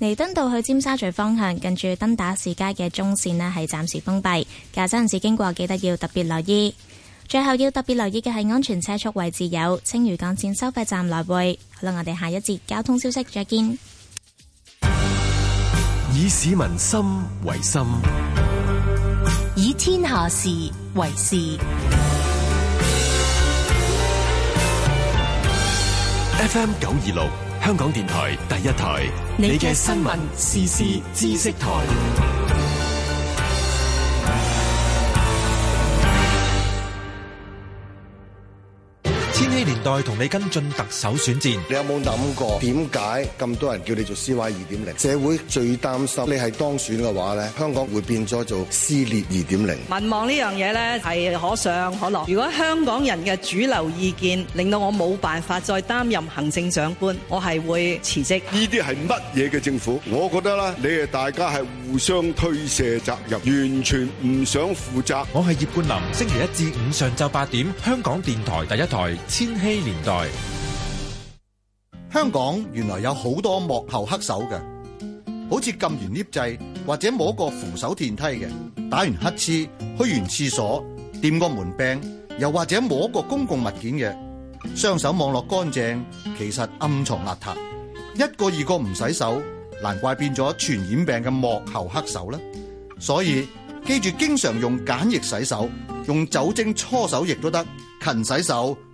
彌敦道去尖沙咀方向近住登打士街嘅中綫呢，係暫時封閉，駕駛人士經過記得要特別留意。最後要特別留意嘅係安全車速位置有青嶼幹線收費站來回。好啦，我哋下一節交通消息再見。以市民心為心，以天下事為事。FM 九二六。香港電台第一台，你嘅新聞時事知識台。代同你跟進特首選戰，你有冇諗過點解咁多人叫你做 C Y 二點零？社會最擔心你係當選嘅話咧，香港會變咗做撕裂二點零。民望呢樣嘢咧係可上可落。如果香港人嘅主流意見令到我冇辦法再擔任行政長官，我係會辭職。呢啲係乜嘢嘅政府？我覺得咧，你哋大家係互相推卸責任，完全唔想負責。我係葉冠霖，星期一至五上晝八點，香港電台第一台千禧。呢年代香港原來有好多幕後黑手嘅，好似撳完 𨋢 掣或者摸過扶手電梯嘅，打完乞嗤去完廁所掂個門柄，又或者摸過公共物件嘅，雙手望落乾淨，其實暗藏邋遢。一個二個唔洗手，難怪變咗傳染病嘅幕後黑手啦。所以記住，經常用梘液洗手，用酒精搓手液都得，勤洗手。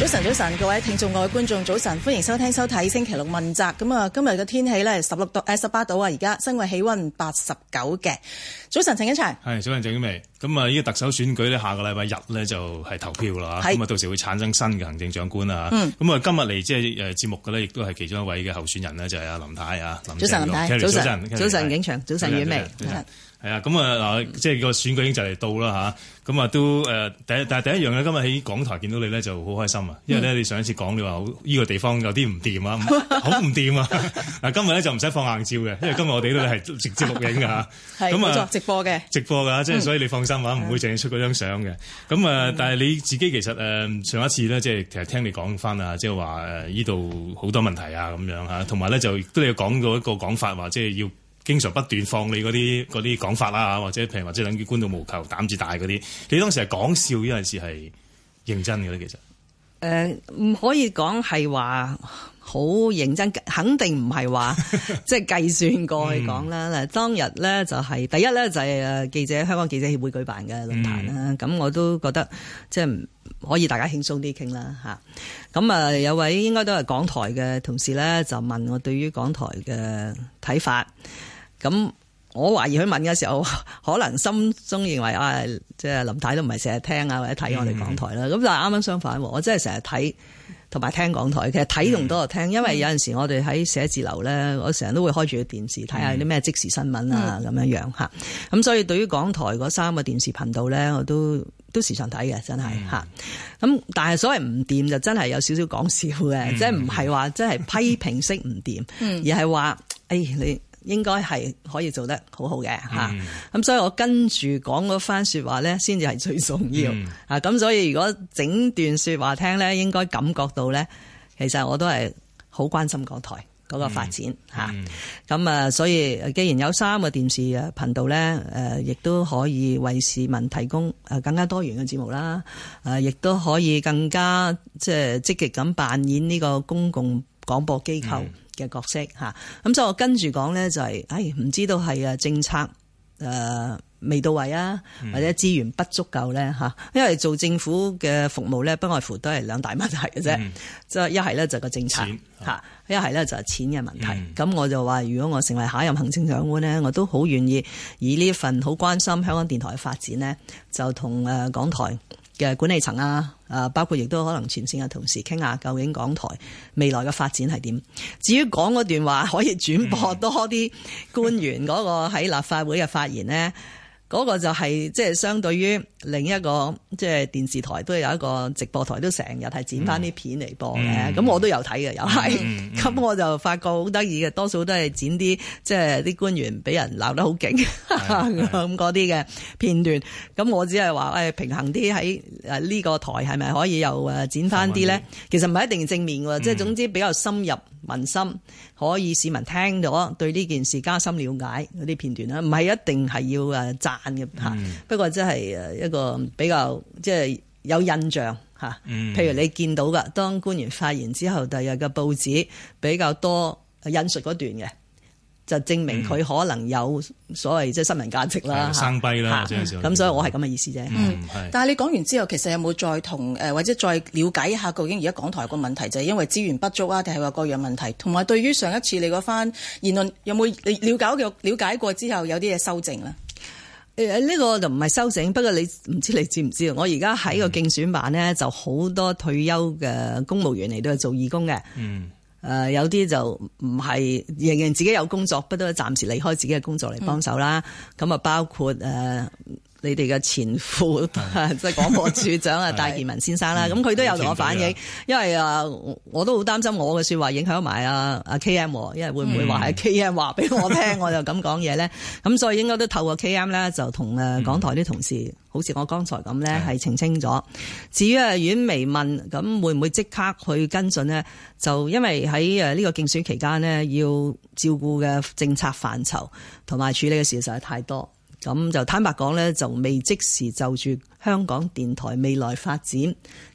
早晨，早晨，各位聽眾、各位觀眾，早晨，歡迎收聽、收睇星期六問責。咁啊，今日嘅天氣呢，十六度誒，十八度啊，而家身位氣溫八十九嘅。早晨，陳景祥。係早晨，鄭婉薇。咁啊，呢個特首選舉呢，下個禮拜日呢就係投票啦。咁啊，到時會產生新嘅行政長官啊。咁啊，今日嚟，即係誒節目嘅呢，亦都係其中一位嘅候選人呢，就係阿林太啊。早晨，早晨，早晨。早晨。早晨，景祥。早晨，係啊，咁啊嗱，即係個選舉已經就嚟到啦吓，咁啊都誒第，但係第一樣咧，今日喺港台見到你咧就好開心啊，因為咧你上一次講你話呢個地方有啲唔掂啊，好唔掂啊，嗱今日咧就唔使放硬照嘅，因為今日我哋呢度係直接錄影㗎嚇，咁啊 是那直播嘅直播㗎，即係所以你放心話唔、嗯、會淨係出嗰張相嘅，咁啊但係你自己其實誒上一次咧，即係其實聽你講翻啊，即係話呢度好多問題啊咁樣嚇，同埋咧就亦都有講過一個講法話即係要。經常不斷放你嗰啲嗰啲講法啦，或者譬如或者等於官到無求、膽子大嗰啲。你當時係講笑，呢陣時係認真嘅咧？其實誒唔可以講係話好認真，肯定唔係話即係計算過去講啦。嗱， 嗯、當日咧就係、是、第一咧就係、是、誒記者香港記者協會舉辦嘅論壇啦。咁、嗯、我都覺得即係可以大家輕鬆啲傾啦嚇。咁啊那有位應該都係港台嘅同事咧，就問我對於港台嘅睇法。咁我懷疑佢問嘅時候，可能心中認為啊，即係林太都唔係成日聽啊或者睇我哋港台啦。咁、mm hmm. 但係啱啱相反，我真係成日睇同埋聽港台。其實睇仲多過聽，mm hmm. 因為有陣時候我哋喺寫字樓咧，我成日都會開住個電視睇下啲咩即時新聞啊咁樣樣吓。咁所以對於港台嗰三個電視頻道咧，我都都時常睇嘅，真係吓。咁、mm hmm. 但係所謂唔掂就真係有少少講笑嘅，mm hmm. 即係唔係話真係批評式唔掂，而係話誒你。應該係可以做得好好嘅，咁所以我跟住講嗰番說話先至係最重要咁、嗯啊、所以如果整段說話聽呢，應該感覺到呢，其實我都係好關心港台嗰個發展咁、嗯嗯、啊，所以既然有三個電視頻道呢，誒、呃、亦都可以為市民提供更加多元嘅節目啦、啊，亦都可以更加即係積極咁扮演呢個公共廣播機構。嗯嘅角色嚇，咁所以我跟住講咧就係，唉，唔知道係啊政策誒、呃、未到位啊，或者資源不足夠咧嚇，嗯、因為做政府嘅服務咧，不外乎都係兩大問題嘅啫，即係一係咧就係個政策嚇，一係咧就係錢嘅問題。咁、嗯、我就話，如果我成為下一任行政長官咧，我都好願意以呢份好關心香港電台嘅發展咧，就同誒港台。嘅管理層啊，誒包括亦都可能前線嘅同事傾下，究竟港台未來嘅發展係點？至於講嗰段話可以轉播多啲官員嗰個喺立法會嘅發言呢。嗯 嗰個就係即係相對於另一個即係電視台都有一個直播台都成日係剪翻啲片嚟播嘅，咁、嗯嗯、我都有睇嘅，又係，咁、嗯嗯、我就發覺好得意嘅，多數都係剪啲即係啲官員俾人鬧得好勁咁嗰啲嘅片段，咁我只係話誒平衡啲喺誒呢個台係咪可以又誒剪翻啲咧？的其實唔係一定正面喎，即係、嗯、總之比較深入。民心可以市民聽到對呢件事加深了解嗰啲片段啦，唔係一定係要誒贊嘅吓，嗯、不過即係誒一個比較即係、就是、有印象吓，譬如你見到噶，當官員發言之後第日嘅報紙比較多引述嗰段嘅。就證明佢可能有所謂即係新聞價值啦、嗯，生卑啦，咁，所以我係咁嘅意思啫、嗯。的但係你講完之後，其實有冇再同誒或者再了解一下究竟而家港台個問題就係、是、因為資源不足啊，定係話各樣問題？同埋對於上一次你嗰番言論，有冇了解嘅了解過之後，有啲嘢修正呢？誒、嗯，呢、呢個就唔係修正，不過你唔知你知唔知啊？我而家喺個競選版呢，嗯、就好多退休嘅公務員嚟到做義工嘅。嗯。誒，有啲就唔係，仍然自己有工作，不都暫時離開自己嘅工作嚟幫手啦。咁啊，包括誒。你哋嘅前副即係廣播處長啊，戴建文先生啦，咁佢都有同我反映，嗯嗯、因為啊，我都好擔心我嘅說話影響埋啊 K M，因為會唔會話係 K M 話俾我聽，嗯、我就咁講嘢咧？咁、嗯、所以應該都透過 K M 咧，就同誒港台啲同事，嗯、好似我剛才咁咧，係澄清咗。的至於啊婉薇問，咁會唔會即刻去跟進呢？就因為喺誒呢個競選期間呢，要照顧嘅政策範疇同埋處理嘅事，實在太多。咁就坦白講咧，就未即時就住香港電台未來發展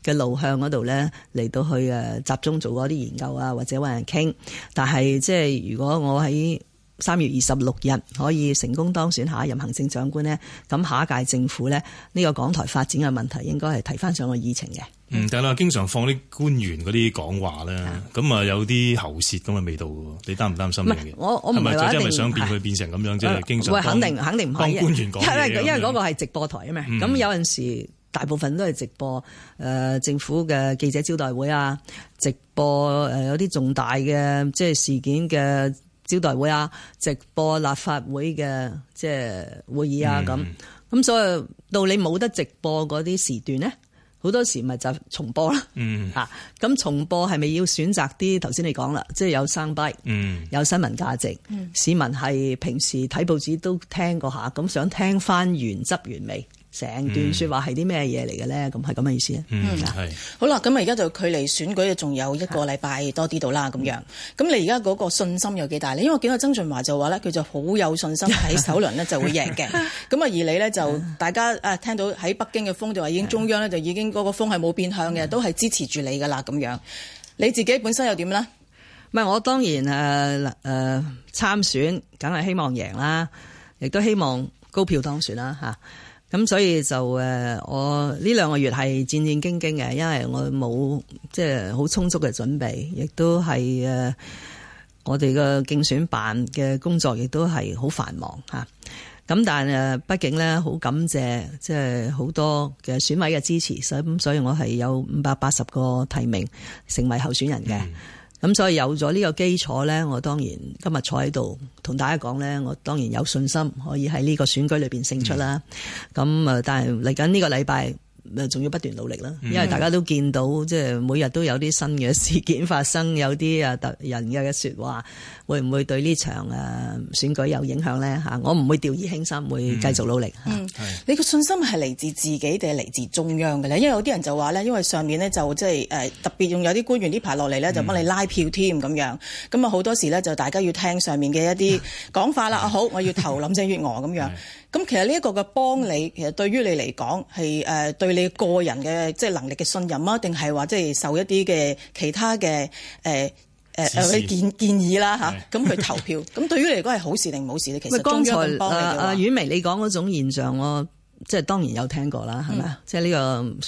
嘅路向嗰度咧，嚟到去誒集中做嗰啲研究啊，或者揾人傾。但係即係如果我喺，三月二十六日可以成功當選下一任行政長官呢？咁下一屆政府呢，呢、呢個港台發展嘅問題應該係提翻上個議程嘅。嗯，但係你經常放啲官員嗰啲講話咧，咁啊的有啲喉舌咁嘅味道喎，你擔唔擔心？我我唔係話一定，係咪想變佢變成咁樣即係的、啊、經常肯定，肯定官員講嘢？因為因為嗰個係直播台啊嘛，咁、嗯、有陣時大部分都係直播誒、呃、政府嘅記者招待會啊，直播誒、呃、有啲重大嘅即係事件嘅。招待會啊，直播立法會嘅即係會議啊，咁咁所以到你冇得直播嗰啲時段咧，好多時咪就重播囉。吓，咁重播係咪要選擇啲，頭先你講啦，即係有生輝，嗯、有新聞價值，嗯、市民係平時睇報紙都聽過下，咁想聽翻原汁原味。成段說話係啲咩嘢嚟嘅咧？咁係咁嘅意思啊？嗯，係好啦。咁啊，而家就距離選舉仲有一個禮拜多啲到啦。咁樣咁你而家嗰個信心有幾大咧？因為我見到曾俊華就話咧，佢就好有信心喺 首輪呢就會贏嘅。咁啊，而你咧就 大家啊，聽到喺北京嘅風就話已經中央咧就已經嗰個風係冇變向嘅， 都係支持住你噶啦。咁樣你自己本身又點啦？唔係我當然誒誒、呃呃、參選，梗係希望贏啦，亦都希望高票當選啦、啊。咁所以就誒，我呢兩個月係戰戰兢兢嘅，因為我冇即係好充足嘅準備，亦都係誒，我哋嘅競選辦嘅工作亦都係好繁忙吓。咁但係誒，畢竟咧，好感謝即係好多嘅選委嘅支持，所以咁所以我係有五百八十個提名成為候選人嘅。嗯咁所以有咗呢個基礎咧，我當然今日坐喺度同大家講咧，我當然有信心可以喺呢個選舉裏邊勝出啦。咁，嗯，但係嚟緊呢個禮拜，仲要不斷努力啦，因為大家都見到即係每日都有啲新嘅事件發生，有啲啊特人嘅説話，會唔會對呢場誒選舉有影響呢？嚇？我唔會掉以輕心，會繼續努力。嗯，嗯是你個信心係嚟自自己定係嚟自中央嘅咧？因為有啲人就話咧，因為上面呢，就即係誒特別用有啲官員呢排落嚟咧，就幫你拉票添咁、嗯、樣。咁啊好多時咧就大家要聽上面嘅一啲講法啦、 啊。好，我要投林鄭月娥咁 樣。咁其實呢一個嘅幫你，其實對於你嚟講係誒對你個人嘅即係能力嘅信任啊，定係話即係受一啲嘅其他嘅誒誒建建議啦嚇咁去投票，咁對於你嚟講係好事定冇事咧？ 其實剛才、呃呃呃呃呃、你阿婉薇你講嗰種現象，我即係當然有聽過啦，係咪、嗯？即係呢個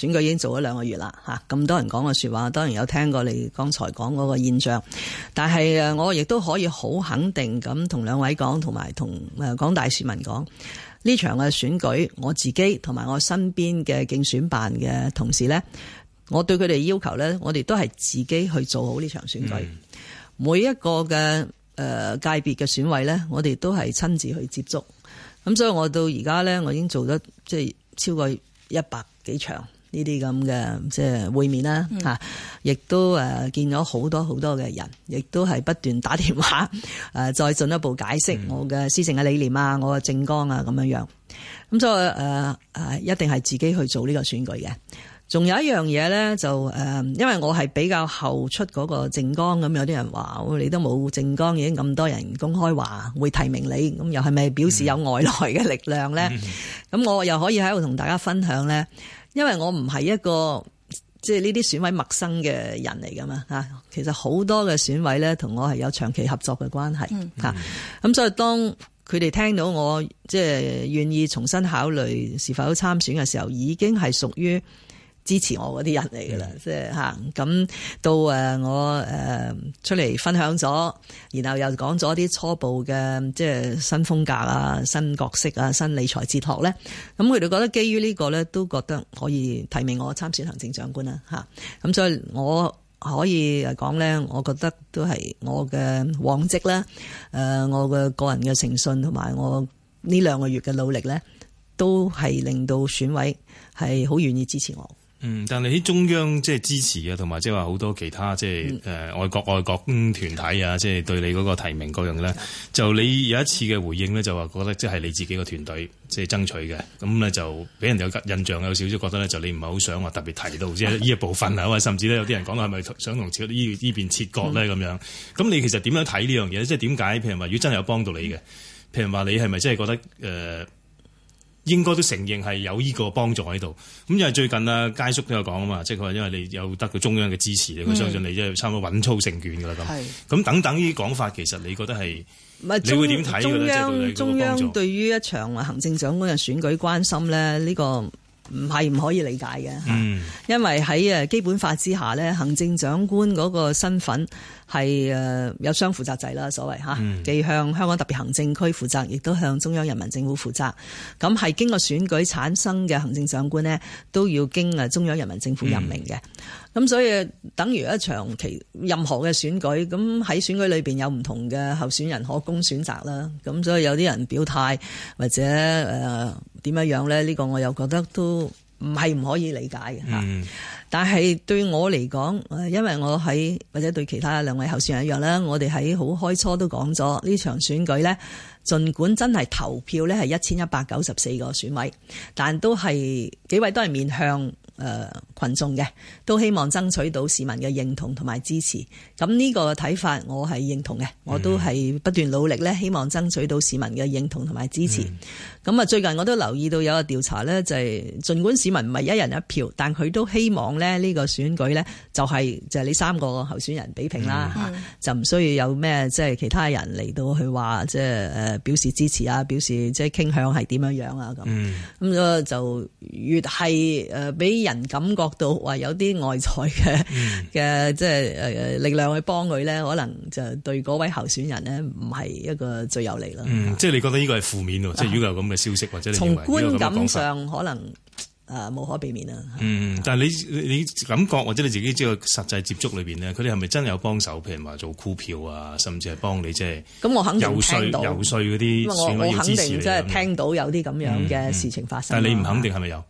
選舉已經做咗兩個月啦，嚇咁多人講嘅說話，當然有聽過你剛才講嗰個現象。但係我亦都可以好肯定咁同兩位、呃、講，同埋同誒廣大市民講。呢場嘅選舉，我自己同埋我身邊嘅競選辦嘅同事咧，我對佢哋要求咧，我哋都係自己去做好呢場選舉。每一個嘅誒界別嘅選委咧，我哋都係親自去接觸。咁所以我到而家咧，我已經做咗即係超過一百幾場。呢啲咁嘅即係會面啦吓，亦都誒見咗好多好多嘅人，亦都係不斷打電話誒，再進一步解釋我嘅施政嘅理念啊，我嘅政綱啊咁樣樣。咁所以誒誒、呃，一定係自己去做呢個選舉嘅。仲有一樣嘢咧，就誒，因為我係比較後出嗰個政綱咁，有啲人話：「你都冇政綱，已經咁多人公開話會提名你，咁又係咪表示有外來嘅力量咧？咁 我又可以喺度同大家分享咧，因為我唔係一個即係呢啲選委陌生嘅人嚟噶嘛嚇。其實好多嘅選委咧，同我係有長期合作嘅關係嚇。咁 所以當佢哋聽到我即係願意重新考慮是否參選嘅時候，已經係屬於支持我嗰啲人嚟噶啦，即係吓咁，到誒，我誒出嚟分享咗，然後又講咗啲初步嘅即係新風格啊、新角色啊、新理財哲學咧。咁佢哋覺得基於呢個咧，都覺得可以提名我參選行政長官啊吓。咁所以我可以誒講咧，我覺得都係我嘅往績啦。誒，我嘅個人嘅誠信同埋我呢兩個月嘅努力咧，都係令到選委係好願意支持我。嗯，但係喺中央即係支持啊，同埋即係話好多其他即係誒外國外國、嗯、團體啊，即、就、係、是、對你嗰個提名嗰樣嘅咧，就你有一次嘅回應咧，就話覺得即係你自己個團隊即係、就是、爭取嘅，咁咧就俾人有印象有少少覺得咧，就你唔係好想話特別提到即係呢一部分啊，或 甚至咧有啲人講話係咪想同呢呢邊邊切割咧咁、嗯、樣？咁你其實點樣睇呢樣嘢即係點解譬如話，如果真係有幫到你嘅，嗯、譬如話你係咪真係覺得誒？呃應該都承認係有呢個幫助喺度，咁因為最近啊，佳叔都有講啊嘛，即係佢話因為你有得到中央嘅支持，你佢、嗯、相信你即係差唔多穩操勝券噶啦咁。咁是等等呢啲講法，其實你覺得係唔中你會點睇中，央中央對於一場行政長官嘅選舉關心咧，呢、呢個唔係唔可以理解嘅。嗯，因為喺誒基本法之下咧，行政長官嗰個身份。係誒有雙負責制啦，所謂嚇既向香港特別行政區負責，亦都向中央人民政府負責。咁係經過選舉產生嘅行政長官呢，都要經誒中央人民政府任命嘅。咁、嗯、所以等於一場期任何嘅選舉，咁喺選舉裏面，有唔同嘅候選人可供選擇啦。咁所以有啲人表態或者誒點、呃、樣樣咧，呢、呢個我又覺得都。唔係唔可以理解嘅吓，嗯，但係對我嚟講，誒，因為我喺或者對其他兩位候選人一樣啦，我哋喺好開初都講咗呢場選舉呢，儘管真係投票呢係一千一百九十四個選委，但都係幾位都係面向，誒、呃、群眾嘅都希望爭取到市民嘅認同同埋支持，咁呢個睇法我係認同嘅，嗯、我都係不斷努力咧，希望爭取到市民嘅認同同埋支持。咁啊、嗯，最近我都留意到有個調查咧,就係、是、儘管市民唔係一人一票，但佢都希望咧呢個選舉咧就係就係呢三個候選人比拼啦吓，嗯、就唔需要有咩即係其他人嚟到去話即係誒表示支持啊，表示即係傾向係點樣、嗯、樣啊咁。咁啊就越係誒俾。人感覺到話有啲外在嘅嘅即係誒力量去幫佢咧，可能就對嗰位候選人咧唔係一個最有利嗯，即、就、係、是、你覺得呢個係負面喎？即係、嗯、如果有咁嘅消息、嗯、或者從觀感上可能誒、呃、無可避免嗯，但係你你，你感覺或者你自己知道實際接觸裏邊呢，佢哋係咪真係有幫手？譬如話做箍票啊，甚至係幫你即係咁，我有肯定聽到游說嗰啲選委我我肯定即係聽到有啲咁樣嘅事情發生。嗯嗯、但係你唔肯定係咪有？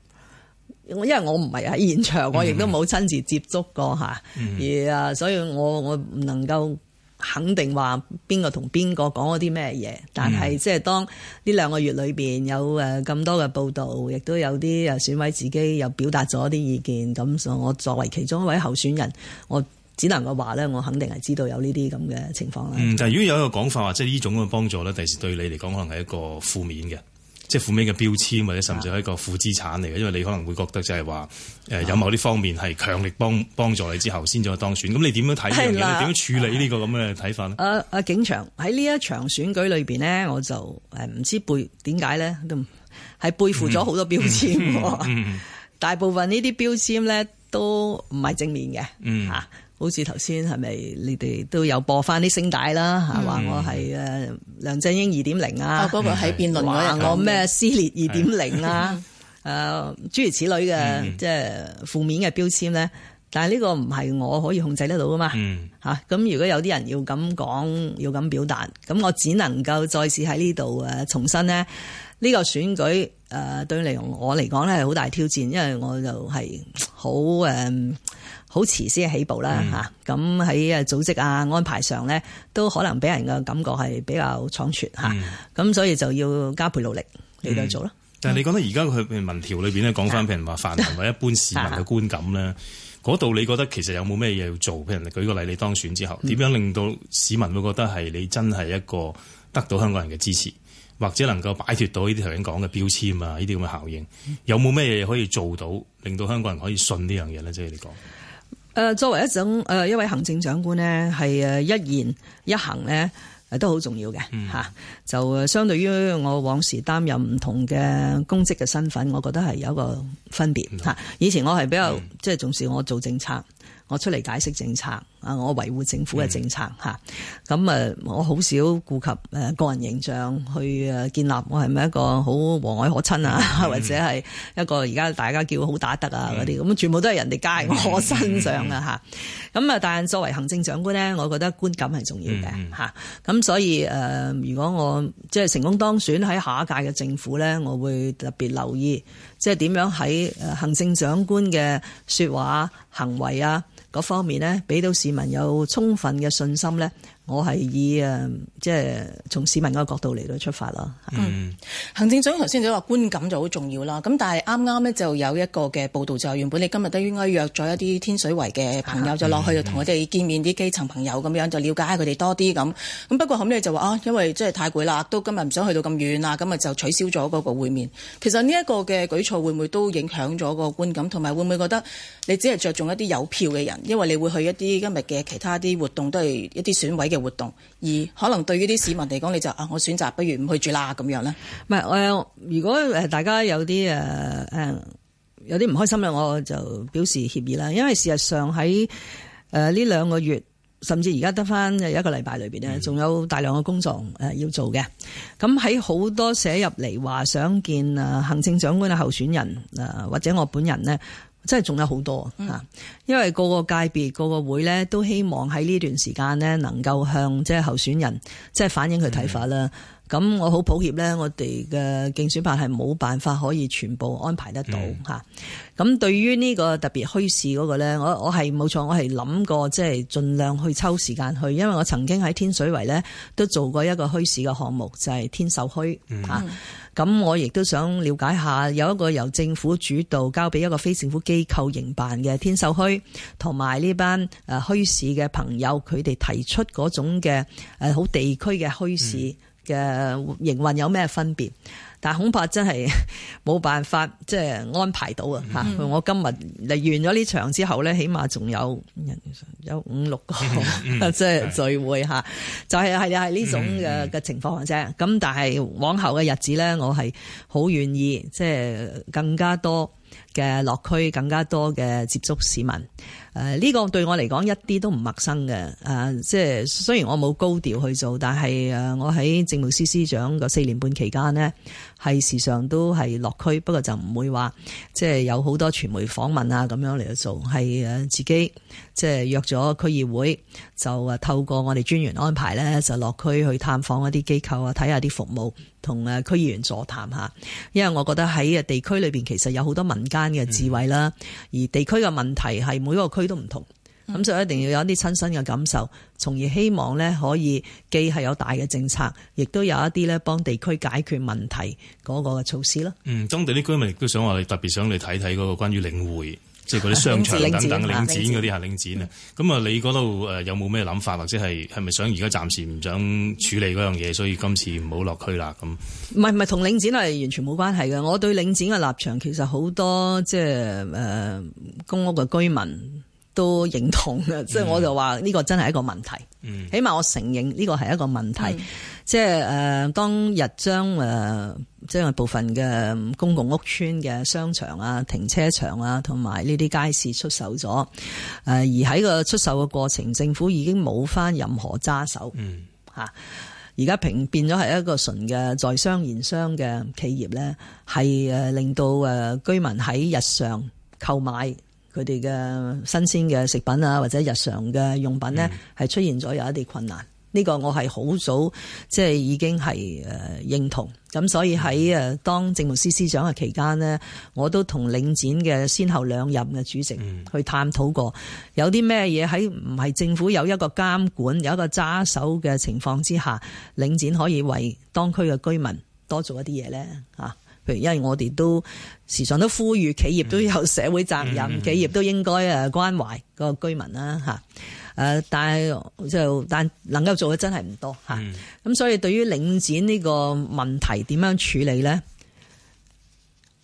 我因為我唔係喺現場，我亦都冇親自接觸過嚇，嗯嗯、而啊，所以我我唔能夠肯定話邊個同邊個講咗啲咩嘢。但係即係當呢兩個月裏邊有誒咁多嘅報導，亦都有啲誒選委自己又表達咗啲意見。咁所以我作為其中一位候選人，我只能夠話咧，我肯定係知道有呢啲咁嘅情況啦、嗯。但係如果有一個講法話，即係呢種咁嘅幫助咧，第時對你嚟講可能係一個負面嘅。即係負面嘅標籤或者甚至係一個負資產嚟嘅，因為你可能會覺得就係話誒有某啲方面係強力幫幫助你之後先再當選，咁、嗯、你點樣睇呢樣嘢咧？點的樣處理這個這樣呢個咁嘅睇法咧？誒誒、啊啊，景祥喺呢一場選舉裏邊呢，我就誒唔知道背點解咧都係背負咗好多標籤，嗯嗯嗯、 大部分呢啲標籤咧都唔係正面嘅，嚇、嗯。啊好似頭先係咪你哋都有播翻啲聲帶啦？嚇，話我係誒梁振英二點零啊！嗰個喺辯論嗰日，話我咩撕裂二點零啊？誒諸如此類嘅即係負面嘅標籤咧。但係呢個唔係我可以控制得到噶嘛嚇。咁如果有啲人要咁講，要咁表達，咁我只能夠再次喺呢度誒重申呢。呢、呢個選舉誒對嚟我嚟講咧係好大挑戰，因為我就係好誒。呃好遲先起步啦咁喺組織啊安排上咧，都可能俾人嘅感覺係比較倉促咁所以就要加倍努力嚟到做咯、嗯。但係你覺得而家佢民調裏面咧講翻，譬如話泛民或一般市民嘅觀感咧，嗰度、啊啊、你覺得其實有冇咩嘢要做？譬如你舉個例，你當選之後點、嗯、樣令到市民會覺得係你真係一個得到香港人嘅支持，或者能夠擺脱到呢啲頭先講嘅標籤啊，呢啲咁嘅效應，有冇咩嘢可以做到令到香港人可以信呢樣嘢咧？即係你講。誒，作為一種誒一位行政長官咧，係誒一言一行咧，誒都好重要嘅吓。嗯、就誒相對於我往時擔任唔同嘅公職嘅身份，我覺得係有一個分別吓。嗯、以前我係比較、嗯、即係重視我做政策。我出嚟解釋政策，啊！我維護政府嘅政策吓咁啊，我好少顧及誒個人形象去誒建立我係咪一個好和藹可親啊，嗯、或者係一個而家大家叫好打得啊嗰啲，咁、嗯、全部都係人哋加喺我身上啊吓咁啊，嗯嗯、但係作為行政長官咧，我覺得觀感係重要嘅吓咁、嗯、所以誒、呃，如果我即係、就是、成功當選喺下一屆嘅政府咧，我會特別留意即係點樣喺行政長官嘅說話行為啊。嗰方面咧，俾到市民有充分嘅信心咧。我係以誒，即、呃、係從市民嗰個角度嚟到出發咯。嗯，行政長頭先你話觀感就好重要啦。咁但係啱啱呢，就有一個嘅報道就係原本你今日都應該約咗一啲天水圍嘅朋友就落去，就同佢哋見面啲基層朋友咁樣，就了解下佢哋多啲咁。咁、啊嗯、不過後尾就話啊，因為真係太攰啦，都今日唔想去到咁遠啦，咁咪就取消咗嗰個會面。其實呢一個嘅舉措會唔會都影響咗個觀感，同埋會唔會覺得你只係着重一啲有票嘅人，因為你會去一啲今日嘅其他啲活動都係一啲選委嘅。活動而可能對於啲市民嚟講，你就啊，我選擇不如唔去住啦咁樣咧。唔係誒，如果誒大家有啲誒誒有啲唔開心咧，我就表示歉意啦。因為事實上喺誒呢兩個月，甚至而家得返一個禮拜裏邊咧，仲有大量嘅工作誒要做嘅。咁喺好多寫入嚟，話想見啊行政長官嘅候選人啊或者我本人呢。真係仲有好多啊，因為個個界別、個個會呢，都希望喺呢段時間呢，能夠向即係候選人即係反映佢睇法啦。嗯咁我好抱歉呢，我哋嘅競選辦係冇辦法可以全部安排得到嚇。咁、嗯、對於呢個特別墟市嗰、那個呢，我我係冇錯，我係諗過即係盡量去抽時間去，因為我曾經喺天水圍呢都做過一個墟市嘅項目，就係、是、天秀墟嚇。咁、嗯、我亦都想了解下有一個由政府主導交俾一個非政府機構營辦嘅天秀墟，同埋呢班誒墟市嘅朋友，佢哋提出嗰種嘅好地區嘅墟市。嗯嘅營運有咩分別？但恐怕真係冇辦法即係安排到啊！嗯、我今日嚟完咗呢場之後咧，起碼仲有人有五六個、嗯嗯、即係聚會下、嗯、就係係係呢種嘅嘅情況嘅啫。咁、嗯嗯、但係往後嘅日子咧，我係好願意即係更加多嘅落區，更加多嘅接觸市民。誒呢、啊呢個對我嚟講一啲都唔陌生嘅，誒即係雖然我冇高調去做，但係誒我喺政務司司長嗰四年半期間呢。係時常都係落區，不過就唔會話即係有好多傳媒訪問啊咁樣嚟做，係誒自己即係約咗區議會，就透過我哋專員安排咧，就落區去探訪一啲機構啊，睇下啲服務，同誒區議員座談下，因為我覺得喺誒地區裏邊，其實有好多民間嘅智慧啦，而地區嘅問題係每個區都唔同。咁就、嗯、一定要有一啲親身嘅感受，從而希望呢可以既係有大嘅政策，亦都有一啲呢幫地區解決問題嗰個嘅措施咯。嗯，當地啲居民亦都想話，你特別想嚟睇睇嗰個關於領匯，即係嗰啲商場等等領，領展嗰啲嚇領展啊。咁啊，你嗰度誒有冇咩諗法，或者係係咪想而家暫時唔想處理嗰樣嘢，所以今次唔好落區啦咁？唔係唔係，同領展係完全冇關係嘅。我對領展嘅立場其實好多，即係誒公屋嘅居民。都認同嘅，即係、嗯、我就話呢個真係一個問題。嗯、起碼我承認呢個係一個問題。即係誒，是當日將即係部分嘅公共屋邨嘅商場啊、停車場啊，同埋呢啲街市出售咗。而喺個出售嘅過程，政府已經冇翻任何揸手。嗯，嚇，而家平變咗係一個純嘅在商言商嘅企業咧，係令到居民喺日常購買佢哋嘅新鮮嘅食品啊，或者日常嘅用品呢，係、嗯、出現咗有一啲困難。呢個我係好早即係已經係誒認同。咁所以喺誒當政務司司長嘅期間呢，我都同領展嘅先後兩任嘅主席去探討過，有啲咩嘢喺唔係政府有一個監管、有一個揸手嘅情況之下，領展可以為當區嘅居民多做一啲嘢呢？啊！譬如，因為我哋都時常都呼籲企業都有社會責任，嗯嗯嗯嗯、企業都應該誒關懷個居民啦、啊、但係就但能夠做嘅真係唔多咁、啊嗯、所以對於領展呢個問題點樣處理咧，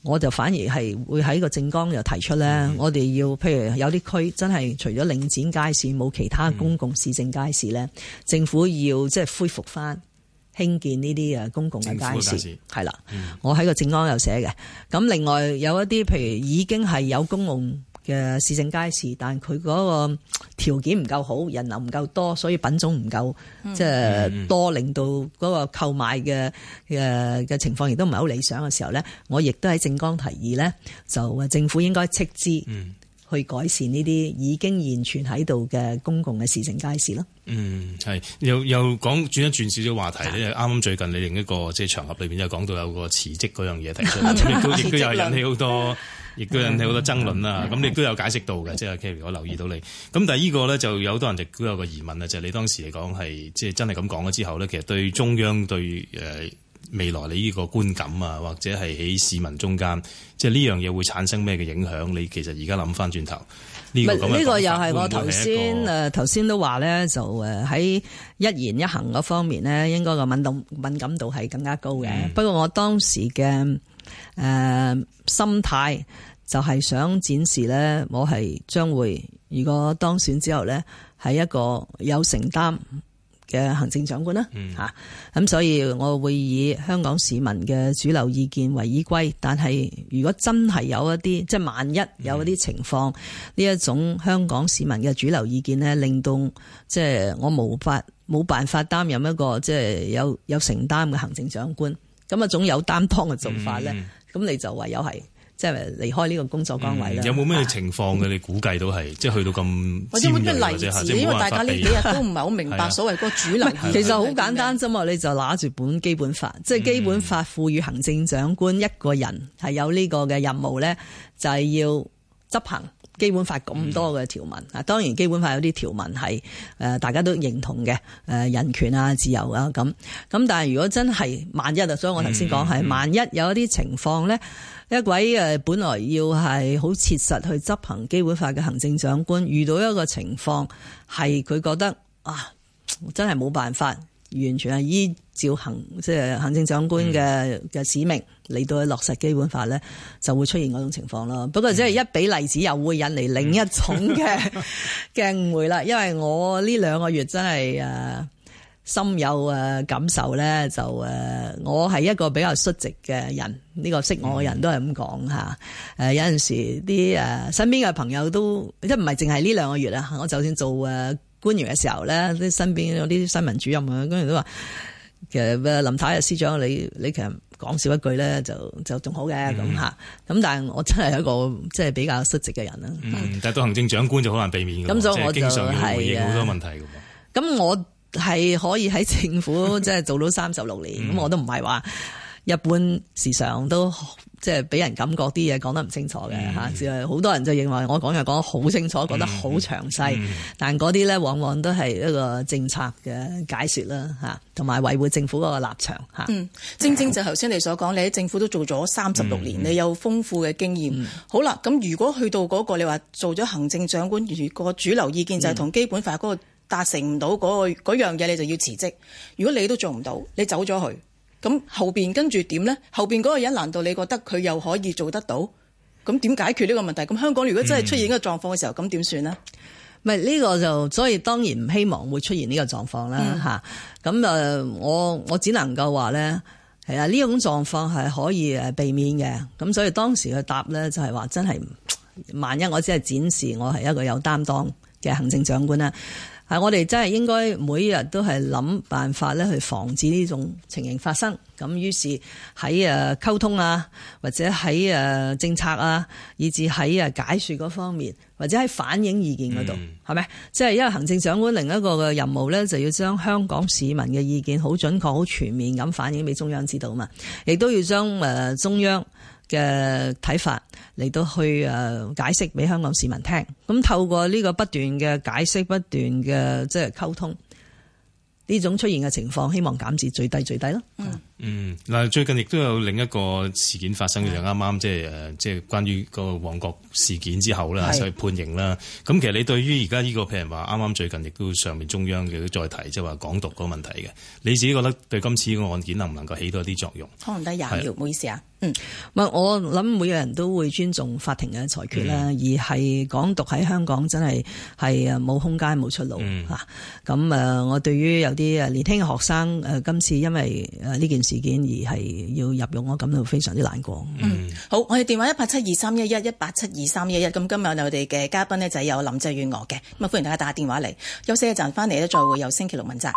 我就反而係會喺個政綱又提出咧，嗯嗯、我哋要譬如有啲區真係除咗領展街市冇其他公共市政街市咧，嗯嗯、政府要即係恢復翻。興建呢啲公共嘅街市，係啦，了嗯、我喺個政綱又寫嘅。咁另外有一啲，譬如已經係有公共嘅市政街市，但佢嗰個條件唔夠好，人流唔夠多，所以品種唔夠即係多，嗯、令到嗰個購買嘅嘅嘅情況亦都唔係好理想嘅時候咧，我亦都喺政綱提議咧，就話政府應該斥資。嗯去改善呢啲已經完全喺度嘅公共嘅事情街市咯。嗯，係又又講轉一轉少少話題咧，啱啱的最近你另一個即係場合裏邊有講到有個辭職嗰樣嘢提出嚟，亦都亦都有引起好多，亦都的引起好多爭論啦。咁亦都有解釋到嘅，的即係是 Kerry，我留意到你。咁的但係依個咧就有好多人亦都有個疑問咧，就係、是、你當時嚟講係即係真係咁講咗之後咧，其實對中央對誒，呃未來你呢個觀感啊，或者係喺市民中間，即係呢樣嘢會產生咩嘅影響？你其實而家諗翻轉頭，呢、這個呢、這個、個又係我頭先誒，頭先都話咧，就誒喺一言一行嗰方面呢，應該個敏動敏感度係更加高嘅。嗯、不過我當時嘅誒、呃、心態就係想展示呢，我係將會如果當選之後呢，係一個有承擔。嘅行政長官啦，咁、嗯啊、所以我會以香港市民嘅主流意見為依歸，但係如果真係有一啲即係萬一有一啲情況呢一種香港市民嘅主流意見呢，令到即係、就是、我無法冇辦法擔任一個即係、就是、有有承擔嘅行政長官，咁一種有擔當嘅做法咧，咁、嗯嗯、你就唯有係。即係離開呢個工作崗位啦、嗯。有冇咩情況嘅？啊、你估計都係即係去到咁尖銳，或者冇咩例子。因為大家呢幾日都唔係好明白所謂嗰個主流、 啊，其實好簡單啫嘛，你就拿住本基本法，即係基本法賦予行政長官一個人係有呢個嘅任務咧，嗯、就係要執行。基本法咁多嘅條文啊，當然基本法有啲條文係誒大家都認同嘅，誒人權啊、自由啊咁咁。但係如果真係萬一啊，所以我頭先講係萬一有一啲情況呢，一位本來要係好切實去執行基本法嘅行政長官，遇到一個情況係佢覺得啊，真係冇辦法。完全係依照行即係行政長官嘅嘅使命嚟到去落實基本法咧，就會出現嗰種情況咯。不過，即係一比例子又會引嚟另一種嘅嘅誤會啦。因為我呢兩個月真係誒、啊、深有感受咧，就、啊、我係一個比較率直嘅人，呢、呢個識我嘅人都係咁講吓，有陣時啲、啊、身邊嘅朋友都即唔係淨係呢兩個月啊，我就算做官員嘅時候咧，啲身邊有啲新聞主任啊，跟住都話，其實林太啊，司長，你你其實講少一句咧，就就仲好嘅咁吓，咁、嗯、但係我真係一個即係比較率直嘅人啦、嗯。但係做行政長官就好難避免嘅，即係、嗯、經常要回應好多問題嘅。咁、啊、我係可以喺政府即係做到三十六年，咁、 嗯、我都唔係話。一般時常都即係俾人感覺啲嘢講得唔清楚嘅，只就係好多人就認為我講嘢講得好清楚，講、嗯、得好詳細，嗯、但嗰啲咧往往都係一個政策嘅解説啦，同埋維護政府嗰個立場嚇。嗯，正正就頭先你所講，你喺政府都做咗三十六年，嗯、你有豐富嘅經驗。嗯、好啦，咁如果去到嗰、嗰個你話做咗行政長官，如果個主流意見就係同基本法嗰個達成唔到嗰個嗰樣嘢，你就要辭職。如果你都做唔到，你走咗去。咁後面跟住點呢？後面嗰個人難道你覺得佢又可以做得到？咁點解決呢個問題？咁香港如果真係出現呢個狀況嘅時候，咁點算呢？唔係呢個就，所以當然唔希望會出現呢個狀況啦。吓、咁、嗯啊、我我只能夠話呢，係啊，呢種狀況係可以誒避免嘅。咁所以當時佢答呢，就係話真係萬一我只係展示我係一個有擔當嘅行政長官啦。係我哋真係應該每日都係諗辦法咧去防止呢種情形發生。咁於是喺誒溝通啊，或者喺誒政策啊，以至喺誒解說嗰方面，或者喺反映意見嗰度，係咪、嗯？即係、就是、因為行政長官另一個嘅任務咧，就要將香港市民嘅意見好準確、好全面咁反映俾中央知道嘛。亦都要將誒中央嘅睇法嚟到去誒解釋俾香港市民聽，咁透過呢個不斷嘅解釋，不斷嘅即係溝通，呢種出現嘅情況，希望減至最低最低咯。嗯、嗱、嗯、最近亦都有另一個事件發生嘅，就啱啱即係誒即係關於個旺角事件之後啦，所以判刑啦。咁其實你對於而家呢個譬如話啱啱最近亦都上面中央嘅都再提，即係話港獨個問題嘅，你自己覺得對今次個案件能唔能夠起到一啲作用？可能得廿秒，唔好意思啊。嗯，唔，我諗每個人都會尊重法庭嘅裁決啦，嗯、而係港獨喺香港真係係啊冇空間、冇出路吓。咁誒、嗯啊，我對於有啲啊年輕嘅學生誒，今次因為誒呢件事件而係要入獄，我感到非常之難過。嗯，嗯好，我哋電話一八七二三一一一八七二三一一，咁今日我哋嘅嘉賓呢，就有林鄭月娥嘅，咁啊歡迎大家打電話嚟。休息一陣，翻嚟咧再會，有星期六問責。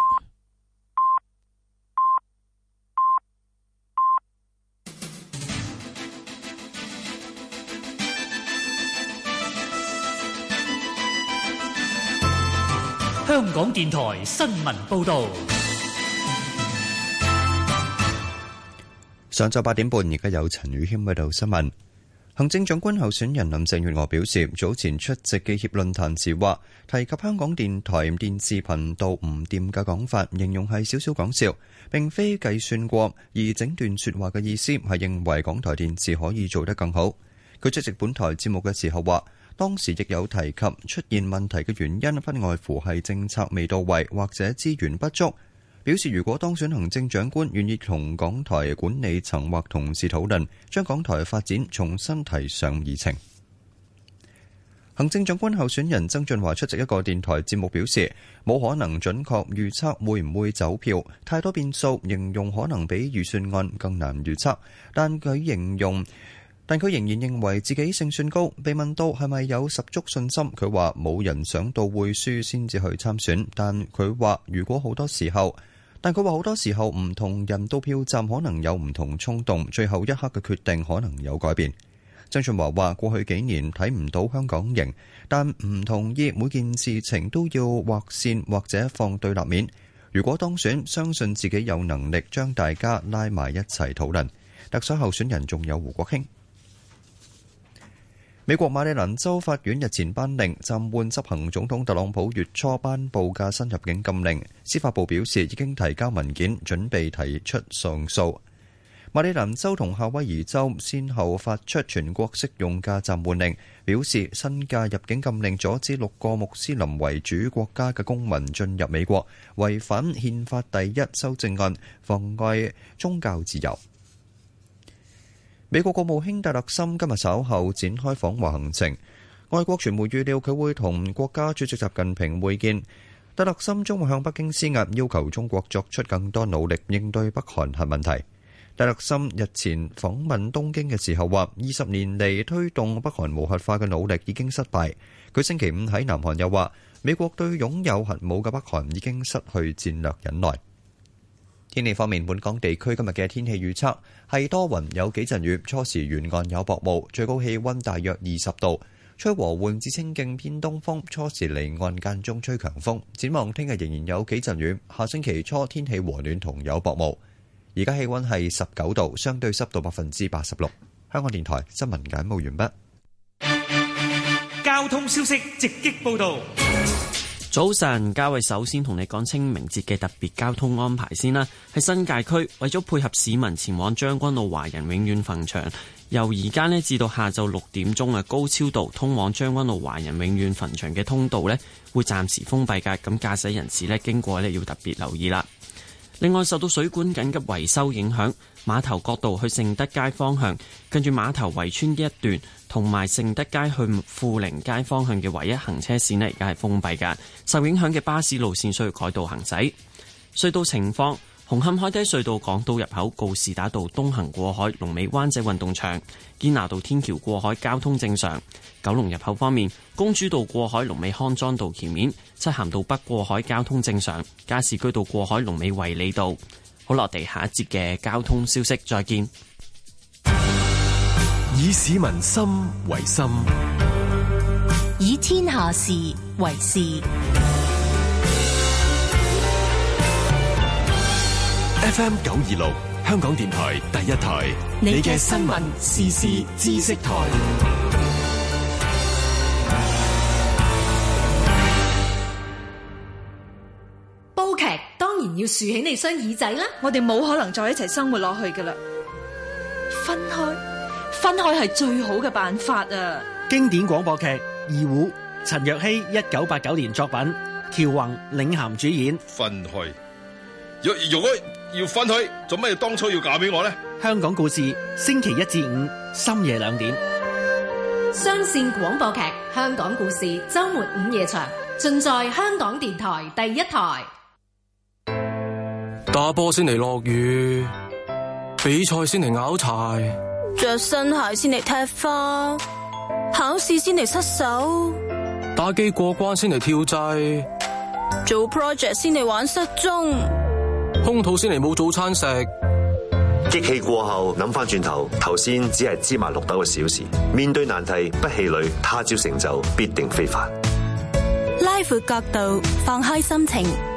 香港電台新聞報道，上晝八點半，而家有陳宇謙喺度報道新聞。行政長官候選人林鄭月娥表示，早前出席記者論壇時，話提及香港電台電視頻道唔掂嘅講法，形容係少少講笑，並非計算過，而整段說話嘅意思係認為港台電視可以做得更好。佢出席本台節目嘅時候話。當時亦有提及出現問題嘅原因，不外乎係政策未到位或者資源不足。表示如果當選行政長官願意同港台管理層或同事討論，將港台發展重新提上議程。行政長官候選人曾俊華出席一個電台節目，表示冇可能準確預測會唔會走票，太多變數，形容可能比預算案更難預測。但佢形容。但佢仍然認為自己勝算高。被問到係咪有十足信心，佢話冇人想到會輸先至去參選。但佢話如果好多時候，但佢話好多時候唔同人到票站可能有唔同衝動，最後一刻嘅決定可能有改變。曾俊華話：過去幾年睇唔到香港贏，但唔同意每件事情都要劃線或者放對立面。如果當選，相信自己有能力將大家拉埋一齊討論特首候選人。仲有胡國興。美國馬里蘭州法院日前頒令暫緩執行總統特朗普月初頒布嘅新入境禁令，司法部表示已經提交文件準備提出上訴。馬里蘭州同夏威夷州先後發出全國適用嘅暫緩令，表示新嘅入境禁令阻止六個穆斯林為主國家嘅公民進入美國，違反憲法第一修正案，妨礙宗教自由。美國國務卿蒂勒森今日稍後展開訪華行程，外國傳媒預料佢會同國家主席習近平會見。蒂勒森將會向北京施壓，要求中國作出更多努力應對北韓核問題。蒂勒森日前訪問東京嘅時候話，二十年嚟推動北韓無核化嘅努力已經失敗。佢星期五喺南韓又話，美國對擁有核武嘅北韓已經失去戰略忍耐。天氣方面，本港地區今日嘅天氣預測係多雲有幾陣雨，初時沿岸有薄霧，最高氣溫大約二十度，吹和緩至清勁偏東風，初時離岸間中吹強風。展望聽日仍然有幾陣雨，下星期初天氣和暖同有薄霧。而家氣溫係十九度，相對濕度百分之八十六。香港電台新聞簡報完畢。交通消息，直擊報道。早晨，家偉首先同你講清明節嘅特別交通安排先啦。喺新界區，為咗配合市民前往將軍澳華人永遠墳場，由而家呢至到下晝六點鐘嘅，高超道通往將軍澳華人永遠墳場嘅通道呢，會暫時封閉嘅。咁駕駛人士呢，經過呢要特別留意啦。另外，受到水管緊急維修影響，碼頭角道去盛德街方向，跟住碼頭圍村呢一段。同埋盛德街去富寧街方向嘅唯一行車線呢，而家係封閉㗎。受影響嘅巴士路線需要改道行駛。隧道情況：紅磡海底隧道港島入口告士打道東行過海、龍尾灣仔運動場、堅拿道天橋過海交通正常。九龍入口方面，公主道過海、龍尾康莊道前面、漆咸道北過海交通正常。加士居道過海、龍尾維里道好。好，落地下一節嘅交通消息，再見。以市民心為心，以天下事為事。FM 九二六，香港電台第一台，你嘅新聞、時事、知識台。煲劇當然要豎起你雙耳仔啦！我哋冇可能再一齊生活落去㗎喇，分開。分開係最好嘅辦法啊！經典廣播劇《二虎》陳，陳若曦，一九八九年作品，喬宏、領銜主演。分開，若如果要分開，做咩當初要嫁俾我呢？香港故事星期一至五深夜兩點，雙綫廣播劇《香港故事》，周末午夜場盡在香港電台第一台。打波先嚟落雨，比賽先嚟拗柴。着新鞋先嚟踢花，考試先嚟失手，打機過關先嚟跳掣，做 project 先嚟玩失蹤，空肚先嚟冇早餐食。激氣過後諗翻轉頭，頭先只係芝麻綠豆嘅小事。面對難題不氣餒，他朝成就必定非凡。拉闊角度，放開心情。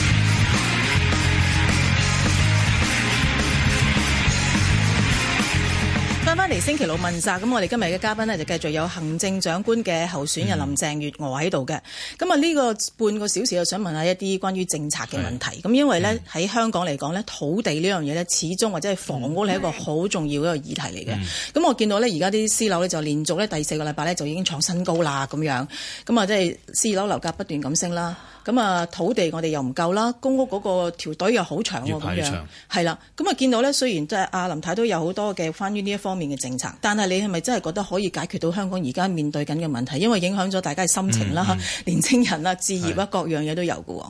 翻翻嚟星期六問答，咁我哋今日嘅嘉賓呢，就繼續有行政長官嘅候選人林鄭月娥喺度嘅。咁啊呢個半個小時我想問一下一啲關於政策嘅問題。咁的因為呢，喺、嗯、香港嚟講呢土地呢樣嘢呢，始終或者係房屋係一個好重要一個議題嚟嘅。咁、嗯嗯、我見到呢，而家啲私樓呢，就連續呢，第四個禮拜呢，就已經創新高啦咁樣。咁啊即係私樓樓價不斷咁升啦。咁啊，土地我哋又唔夠啦，公屋嗰個條隊又好長喎，咁樣，係啦。咁啊，見到咧，雖然即係阿林太都有好多嘅關於呢一方面嘅政策，但係你係咪真係覺得可以解決到香港而家面對緊嘅問題？因為影響咗大家嘅心情啦，嗯嗯、年青人啊，置業啊，的各樣嘢都有嘅喎。誒、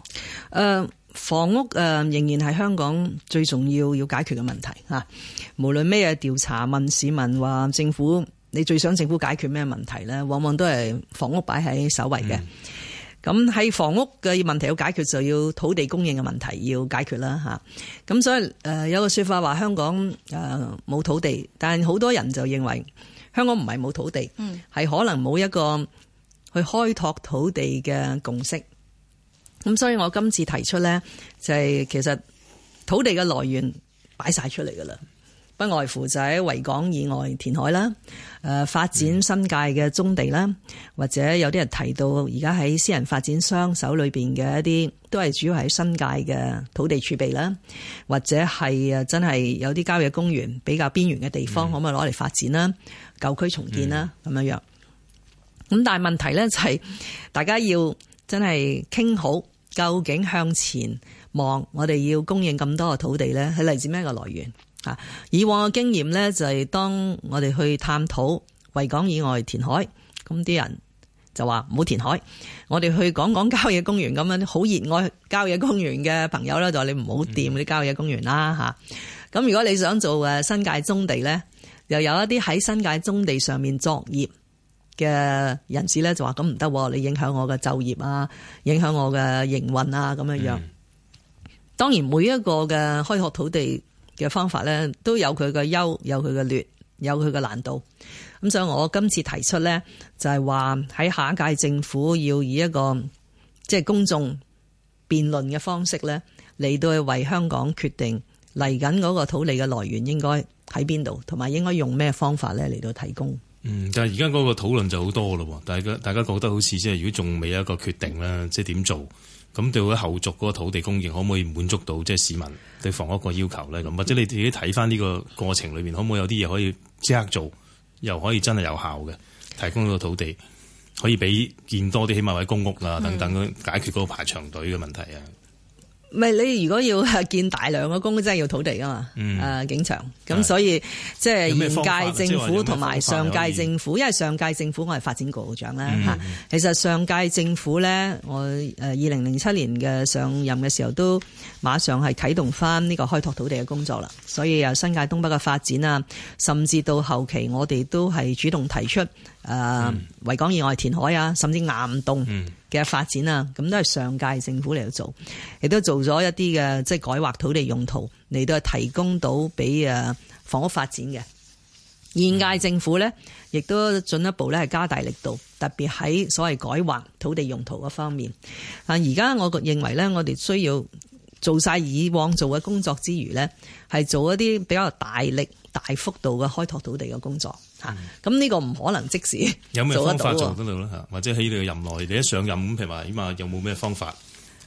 呃，房屋誒、呃、仍然係香港最重要要解決嘅問題吓、啊，無論咩嘢調查問市民話政府你最想政府解決咩問題咧？往往都係房屋擺喺首位嘅。嗯。咁喺房屋嘅問題要解決就要土地供應嘅問題要解決啦吓，咁所以誒，有個說法話香港誒冇土地，但係好多人就認為香港唔係冇土地，嗯，係可能冇一個去開拓土地嘅共識。咁所以我今次提出咧，就係其實土地嘅來源擺晒出嚟噶啦不外乎就喺維港以外填海啦，誒發展新界嘅棕地啦，或者有啲人提到而家喺私人發展商手裏邊嘅一啲，都係主要喺新界嘅土地儲備啦，或者係誒真係有啲郊野公園比較邊緣嘅地方，可唔可以攞嚟發展啦？舊區、嗯、重建啦，咁、嗯、樣樣咁，但係問題咧就係、是、大家要真係傾好，究竟向前望，我哋要供應咁多嘅土地呢，係嚟自咩個來源？啊！以往嘅經驗咧，就係當我哋去探討維港以外填海，咁啲人就話唔好填海。我哋去講講郊野公園咁樣，好熱愛郊野公園嘅朋友咧，就話你唔好掂啲郊野公園啦嚇。咁、嗯、如果你想做誒新界中地咧，又有一啲喺新界棕地上面作業嘅人士咧，就話咁唔得，你影響我嘅就業啊，影響我嘅營運啊，咁樣樣。嗯、當然每一個嘅開闢土地嘅方法咧都有佢嘅優，有佢嘅劣，有佢嘅難度。咁所以我今次提出咧，就係話喺下一屆政府要以一個即係公眾辯論嘅方式咧，嚟到為香港決定嚟緊嗰個土地嘅來源應該喺邊度，同埋應該用咩方法咧嚟到提供。嗯，但係而家嗰個討論就好多咯，大家大家覺得好似即係如果仲未有一個決定啦，即係點做？咁對佢後續嗰個土地供應可唔可以滿足到即係市民對房屋個要求咧？咁或者你自己睇返呢個過程裏面，可唔可以有啲嘢可以即刻做，又可以真係有效嘅提供到土地，可以俾建多啲起碼位公屋啊等等，解決嗰個排長隊嘅問題啊。咪你如果要建大量嘅工，真係要土地㗎嘛。誒、嗯，警場咁，所以的即係現屆政府同埋上屆政府，因為上屆政府我係發展局局長啦吓。其實上屆政府咧，我誒二零零七年嘅上任嘅時候，都馬上係啟動翻呢個開拓土地嘅工作啦。所以由新界東北嘅發展啊，甚至到後期，我哋都係主動提出。誒，維、呃、港以外填海啊，甚至岩洞嘅發展啊，咁、嗯、都係上屆政府嚟到做，亦都做咗一啲嘅即係改劃土地用途嚟到提供到俾誒房屋發展嘅。現屆政府咧，亦都進一步咧係加大力度，特別喺所謂改劃土地用途嘅方面。啊，而家我個認為咧，我哋需要做晒以往做嘅工作之餘咧，係做一啲比較大力、大幅度嘅開拓土地嘅工作。吓，咁呢、嗯、個唔可能即時做得到啊，有咩方法做得到呢？或者喺你嘅任內，你一上任，譬如話起碼有冇咩方法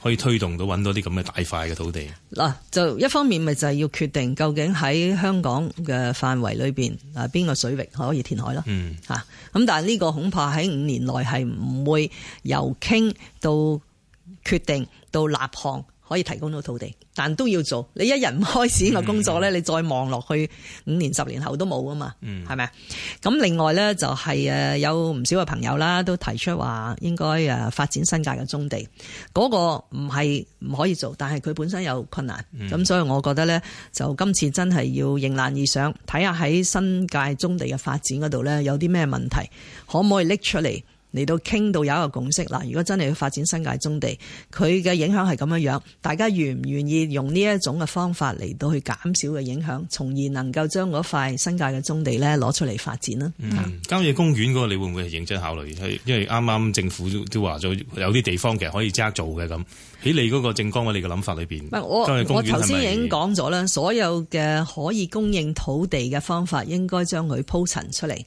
可以推動到搵到啲咁嘅大塊嘅土地？嗱、嗯，就一方面咪就係要決定究竟喺香港嘅範圍裏邊啊邊個水域可以填海啦，嗯吓，咁但係呢個恐怕喺五年內係唔會由傾到決定到立項。可以提供到土地，但都要做。你一日唔開始嘅工作咧，嗯、你再望落去五年十年後都冇啊嘛，係咪？咁、嗯、另外咧就係誒有唔少嘅朋友啦，都提出話應該誒發展新界嘅棕地，嗰、嗰個唔係唔可以做，但係佢本身有困難，咁、嗯、所以我覺得咧，就今次真係要迎難而上，睇下喺新界棕地嘅發展嗰度咧有啲咩問題，可唔可以拎出嚟？嚟到傾到有一個共識嗱，如果真係要發展新界中地，佢嘅影響係咁樣，大家願唔願意用呢一種嘅方法嚟到去減少嘅影響，從而能夠將嗰塊新界嘅中地咧攞出嚟發展咧？郊野公園嗰個你會唔會係認真考慮？因為啱啱政府都都話咗有啲地方其實可以即刻做嘅咁。喺你嗰個政綱，喺你嘅諗法裏面，郊野公園係咪？我我頭先已經講咗啦，所有嘅可以供應土地嘅方法，應該將佢鋪陳出嚟。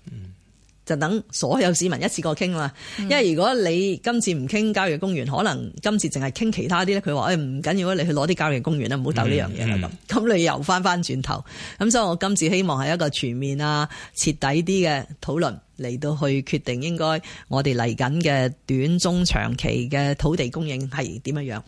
就等所有市民一次過傾嘛，因為如果你今次唔傾郊野公園，可能今次淨係傾其他啲咧，佢話誒唔緊要啊，你去攞啲郊野公園啊，唔好鬥呢、嗯嗯、樣嘢啦咁，咁你又翻翻轉頭，咁所以我今次希望係一個全面啊、徹底啲嘅討論。嚟到去決定應該我哋嚟緊嘅短、中、長期嘅土地供應係點樣，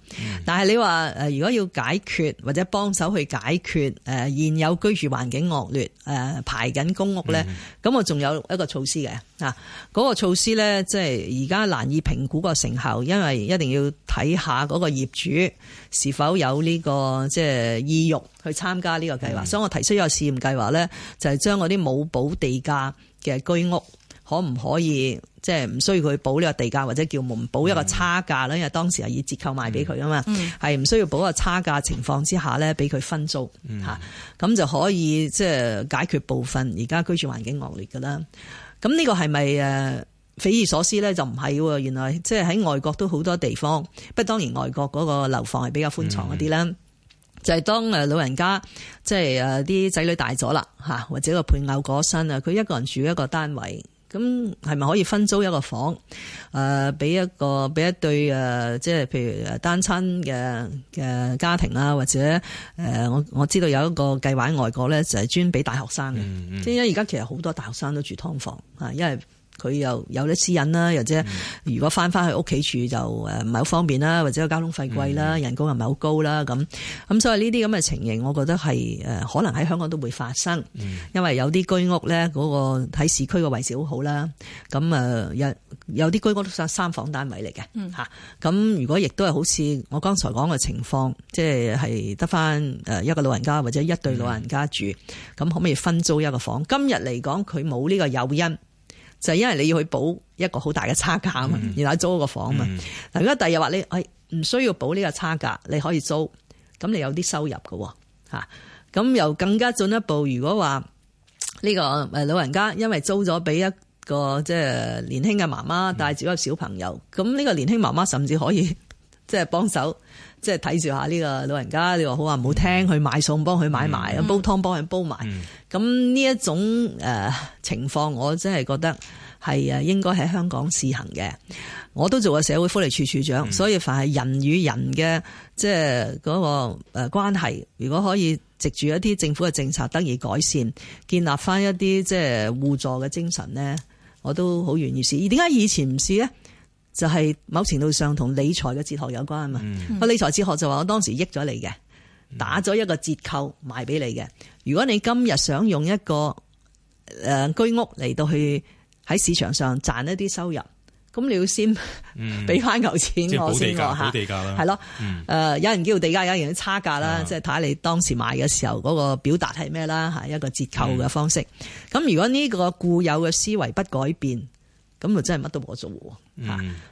但係你話如果要解決或者幫手去解決誒、呃、現有居住環境惡劣誒、呃、排緊公屋咧，咁我仲有一個措施嘅嗰、啊、個措施咧，即係而家難以評估個成效，因為一定要睇下嗰個業主是否有呢個即係意欲去參加呢個計劃。所以我提出一個試驗計劃咧，就係將嗰啲冇補地價嘅居屋。可唔可以即係唔需要佢補呢個地價或者叫冇補一個差價咧？嗯、因為當時係以折扣賣俾佢啊嘛，係唔、嗯、需要補個差價情況之下咧，俾佢分租吓，咁、嗯啊、就可以即係解決部分而家居住環境惡劣噶啦。咁呢個係咪誒匪夷所思咧？就唔係，原來即係喺外國都好多地方，不過當然外國嗰個樓房係比較寬敞一啲啦。嗯、就係當誒老人家即係誒啲仔女大咗啦吓，或者個配偶過身啊，佢一個人住一個單位。咁係咪可以分租一個房？誒，俾一個，俾一對誒，即係譬如誒單親嘅嘅家庭啦，或者誒，我我知道有一個計劃喺外國咧，就係專俾大學生嘅，即係因為而家其實好多大學生都住劏房，因為。佢又有啲私隱啦，或者如果返返去屋企住就誒唔係好方便啦，或者個交通費貴啦，人工又唔係好高啦，咁咁所以呢啲咁嘅情形，我覺得係誒可能喺香港都會發生，因為有啲居屋咧嗰個喺市區嘅位置好好啦，咁誒有有啲居屋都係三房單位嚟嘅吓，咁如果亦都係好似我剛才講嘅情況，即係係得返誒一個老人家或者一對老人家住，咁可唔可以分租一個房？今日嚟講，佢冇呢個誘因。就係因為你要去補一個好大嘅差價啊嘛，然後租嗰個房啊嘛。嗱、mm，hmm. 但如果第日話你，誒唔需要補呢個差價，你可以租，咁你有啲收入㗎喎。咁又更加進一步，如果話呢個誒老人家因為租咗俾一個即係年輕嘅媽媽帶住個小朋友，咁呢個年輕媽媽、mm hmm. 甚至可以即 係幫手。即係睇住下呢個老人家，你話好話唔好聽，去買餸，幫佢買埋，煲湯幫佢煲埋。咁呢一種誒情況，我真係覺得係啊，應該喺香港試行嘅。我都做過社會福利處處長，所以凡係人與人嘅即係嗰個誒關係，如果可以藉住一啲政府嘅政策，得以改善，建立翻一啲即係互助嘅精神呢，我都好願意試。點解以前唔試呢？就係某程度上同理財嘅哲學有關啊嘛，個、嗯、理財哲學就話我當時益咗你嘅，打咗一個折扣賣俾你嘅。如果你今日想用一個誒、呃、居屋嚟到去喺市場上賺一啲收入，咁、嗯、你要先俾翻牛錢我先咯吓，係咯，誒、嗯，有人叫地價，有人叫差價啦，即係睇下你當時買嘅時候嗰個表達係咩啦吓，一個折扣嘅方式。咁、嗯、如果呢個固有嘅思維不改變。咁啊，就真係乜都冇做喎，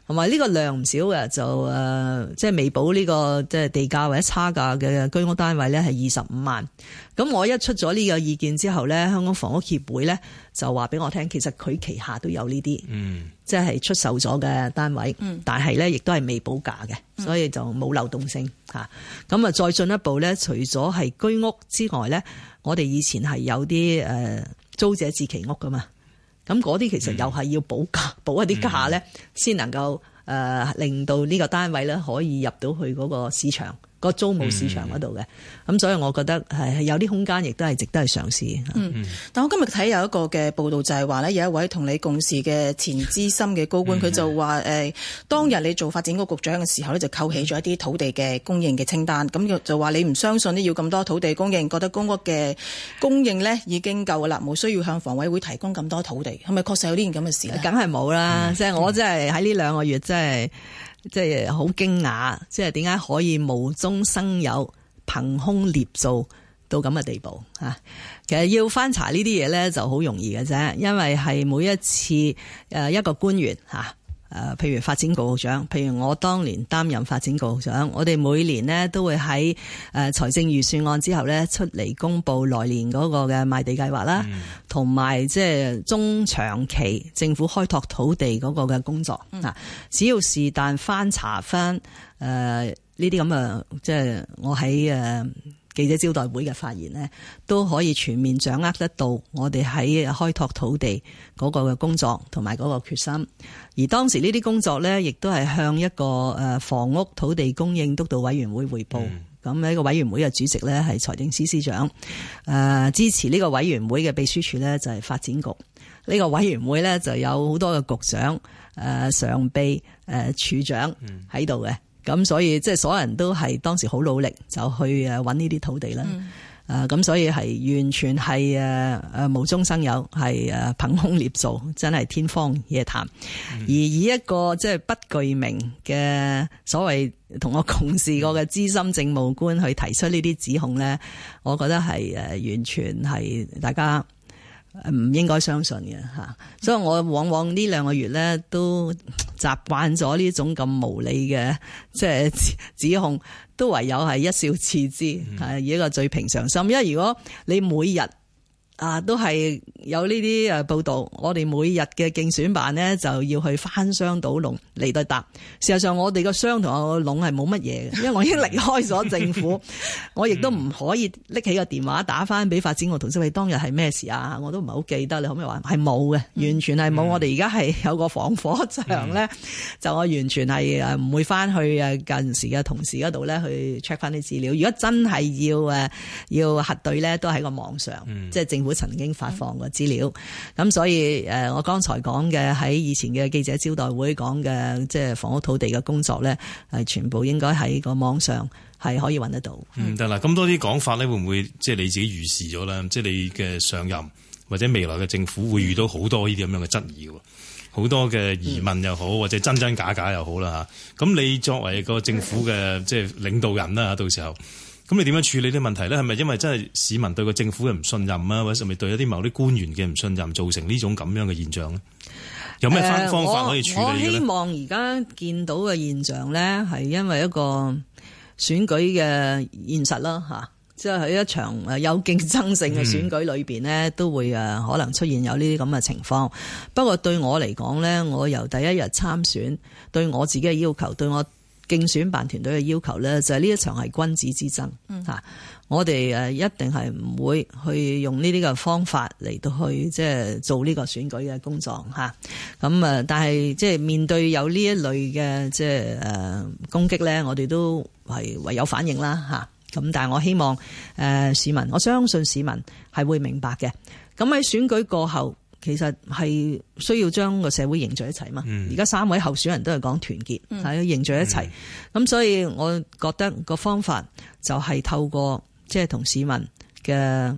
同埋呢個量唔少嘅，就誒、呃、即係未補呢個即係地價或者差價嘅居屋單位咧，係二十五萬。咁我一出咗呢個意見之後咧，香港房屋協會咧就話俾我聽，其實佢旗下都有呢啲，嗯、即係出售咗嘅單位，但係咧亦都係未補價嘅，所以就冇流動性嚇。咁啊、嗯，再進一步咧，除咗係居屋之外咧，我哋以前係有啲誒租者置其屋噶嘛。咁嗰啲其實又係要補價，補、嗯、一啲價咧，先能夠誒、呃、令到呢個單位咧可以入到去嗰個市場。個租務市場嗰度嘅，咁、嗯、所以我覺得係有啲空間，亦都係值得去嘗試。嗯，嗯但我今日睇有一個嘅報道，就係話呢有一位同你共事嘅前資深嘅高官，佢、嗯、就話誒，呃嗯、當日你做發展局局長嘅時候呢就扣起咗一啲土地嘅供應嘅清單。咁就就話你唔相信呢，要咁多土地供應，覺得公屋嘅供應呢已經夠啦，冇需要向房委會提供咁多土地。係咪確實有呢件咁嘅事？梗係冇啦，即係、嗯嗯、我真係喺呢兩個月真，真係。即係好驚訝，即係點解可以無中生有，憑空捏造到咁嘅地步啊？其實要翻查呢啲嘢咧就好容易嘅啫，因為係每一次誒一個官員吓。誒、呃，譬如發展局局長，譬如我當年擔任發展局局長，我哋每年呢都會喺誒財政預算案之後咧出嚟公佈來年嗰個嘅賣地計劃啦，同埋即係中長期政府開拓土地嗰個嘅工作。只要是但翻查翻誒呢啲咁嘅，即係我喺誒。呃記者招待會嘅發言呢都可以全面掌握得到我哋喺開拓土地嗰個嘅工作同埋嗰個決心。而當時呢啲工作呢，亦都係向一個誒房屋土地供應督導委員會匯報。咁呢個委員會嘅主席呢，係財政司司長。誒，支持呢個委員會嘅秘書處呢，就係發展局。呢個委員會呢，就有好多嘅局長、誒常秘、誒處長喺度嘅。咁所以即係所有人都係當時好努力就去誒揾呢啲土地啦，嗯、啊咁所以係完全係誒誒無中生有，係誒憑空捏造，真係天方夜譚。嗯、而以一個即係不具名嘅所謂同我共事過嘅資深政務官去提出呢啲指控咧，我覺得係誒完全係大家。唔應該相信嘅吓，所以我往往呢兩個月咧都習慣咗呢種咁無理嘅即係指控，都唯有係一笑置之，係以一個最平常心。因為如果你每日，啊，都係有呢啲誒報道。我哋每日嘅競選辦咧就要去翻箱倒籠嚟對答。事實上，我哋個箱同我籠係冇乜嘢嘅，因為我已經離開咗政府， 我亦都唔可以拎起個電話打翻俾發展局同事，你 當日係咩事啊？我都唔係好記得。你可唔可以話係冇嘅？完全係冇。嗯、我哋而家係有個防火牆咧，嗯、就我完全係誒唔會翻去誒近時嘅同事嗰度咧去 check 翻啲資料。如果真係要誒要核對咧，都喺個網上，嗯、即係政府。會曾經發放過資料，咁所以誒，我剛才講嘅喺以前嘅記者招待會講嘅，即係房屋土地嘅工作咧，係全部應該喺個網上係可以揾得到的。唔得啦，咁多啲講法咧，會唔會即係、就是、你自己預示咗啦？即、就、係、是、你嘅上任或者未來嘅政府會遇到好多呢啲咁樣嘅質疑，好多嘅疑問又好，嗯、或者真真假假又好啦嚇。咁你作為個政府嘅即係領導人啦，嗯、到時候。咁你點樣處理啲問題呢？係咪因為真係市民對個政府嘅唔信任啊，或者係咪對一啲某啲官員嘅唔信任造成呢種咁樣嘅現象呢？有咩方法可以處理呢、呃、我，我希望而家見到嘅現象呢，係因為一個選舉嘅現實啦，吓、啊，即係喺一場有競爭性嘅選舉裏面呢，嗯、都會可能出現有呢啲咁嘅情況。不過對我嚟講呢，我由第一日參選，對我自己嘅要求，對我。競選辦團隊嘅要求咧，就係、是、呢一場係君子之爭吓。嗯、我哋誒一定係唔會去用呢啲嘅方法嚟到去即係做呢個選舉嘅工作吓。咁誒，但係即係面對有呢一類嘅即係誒攻擊咧，我哋都係唯有反應啦吓。咁但係我希望誒市民，我相信市民係會明白嘅。咁喺選舉過後。其實係需要將個社會凝聚一齊嘛。而家，嗯、三位候選人都係講團結、係凝聚一齊。咁，嗯、所以我覺得個方法就係透過即係同市民嘅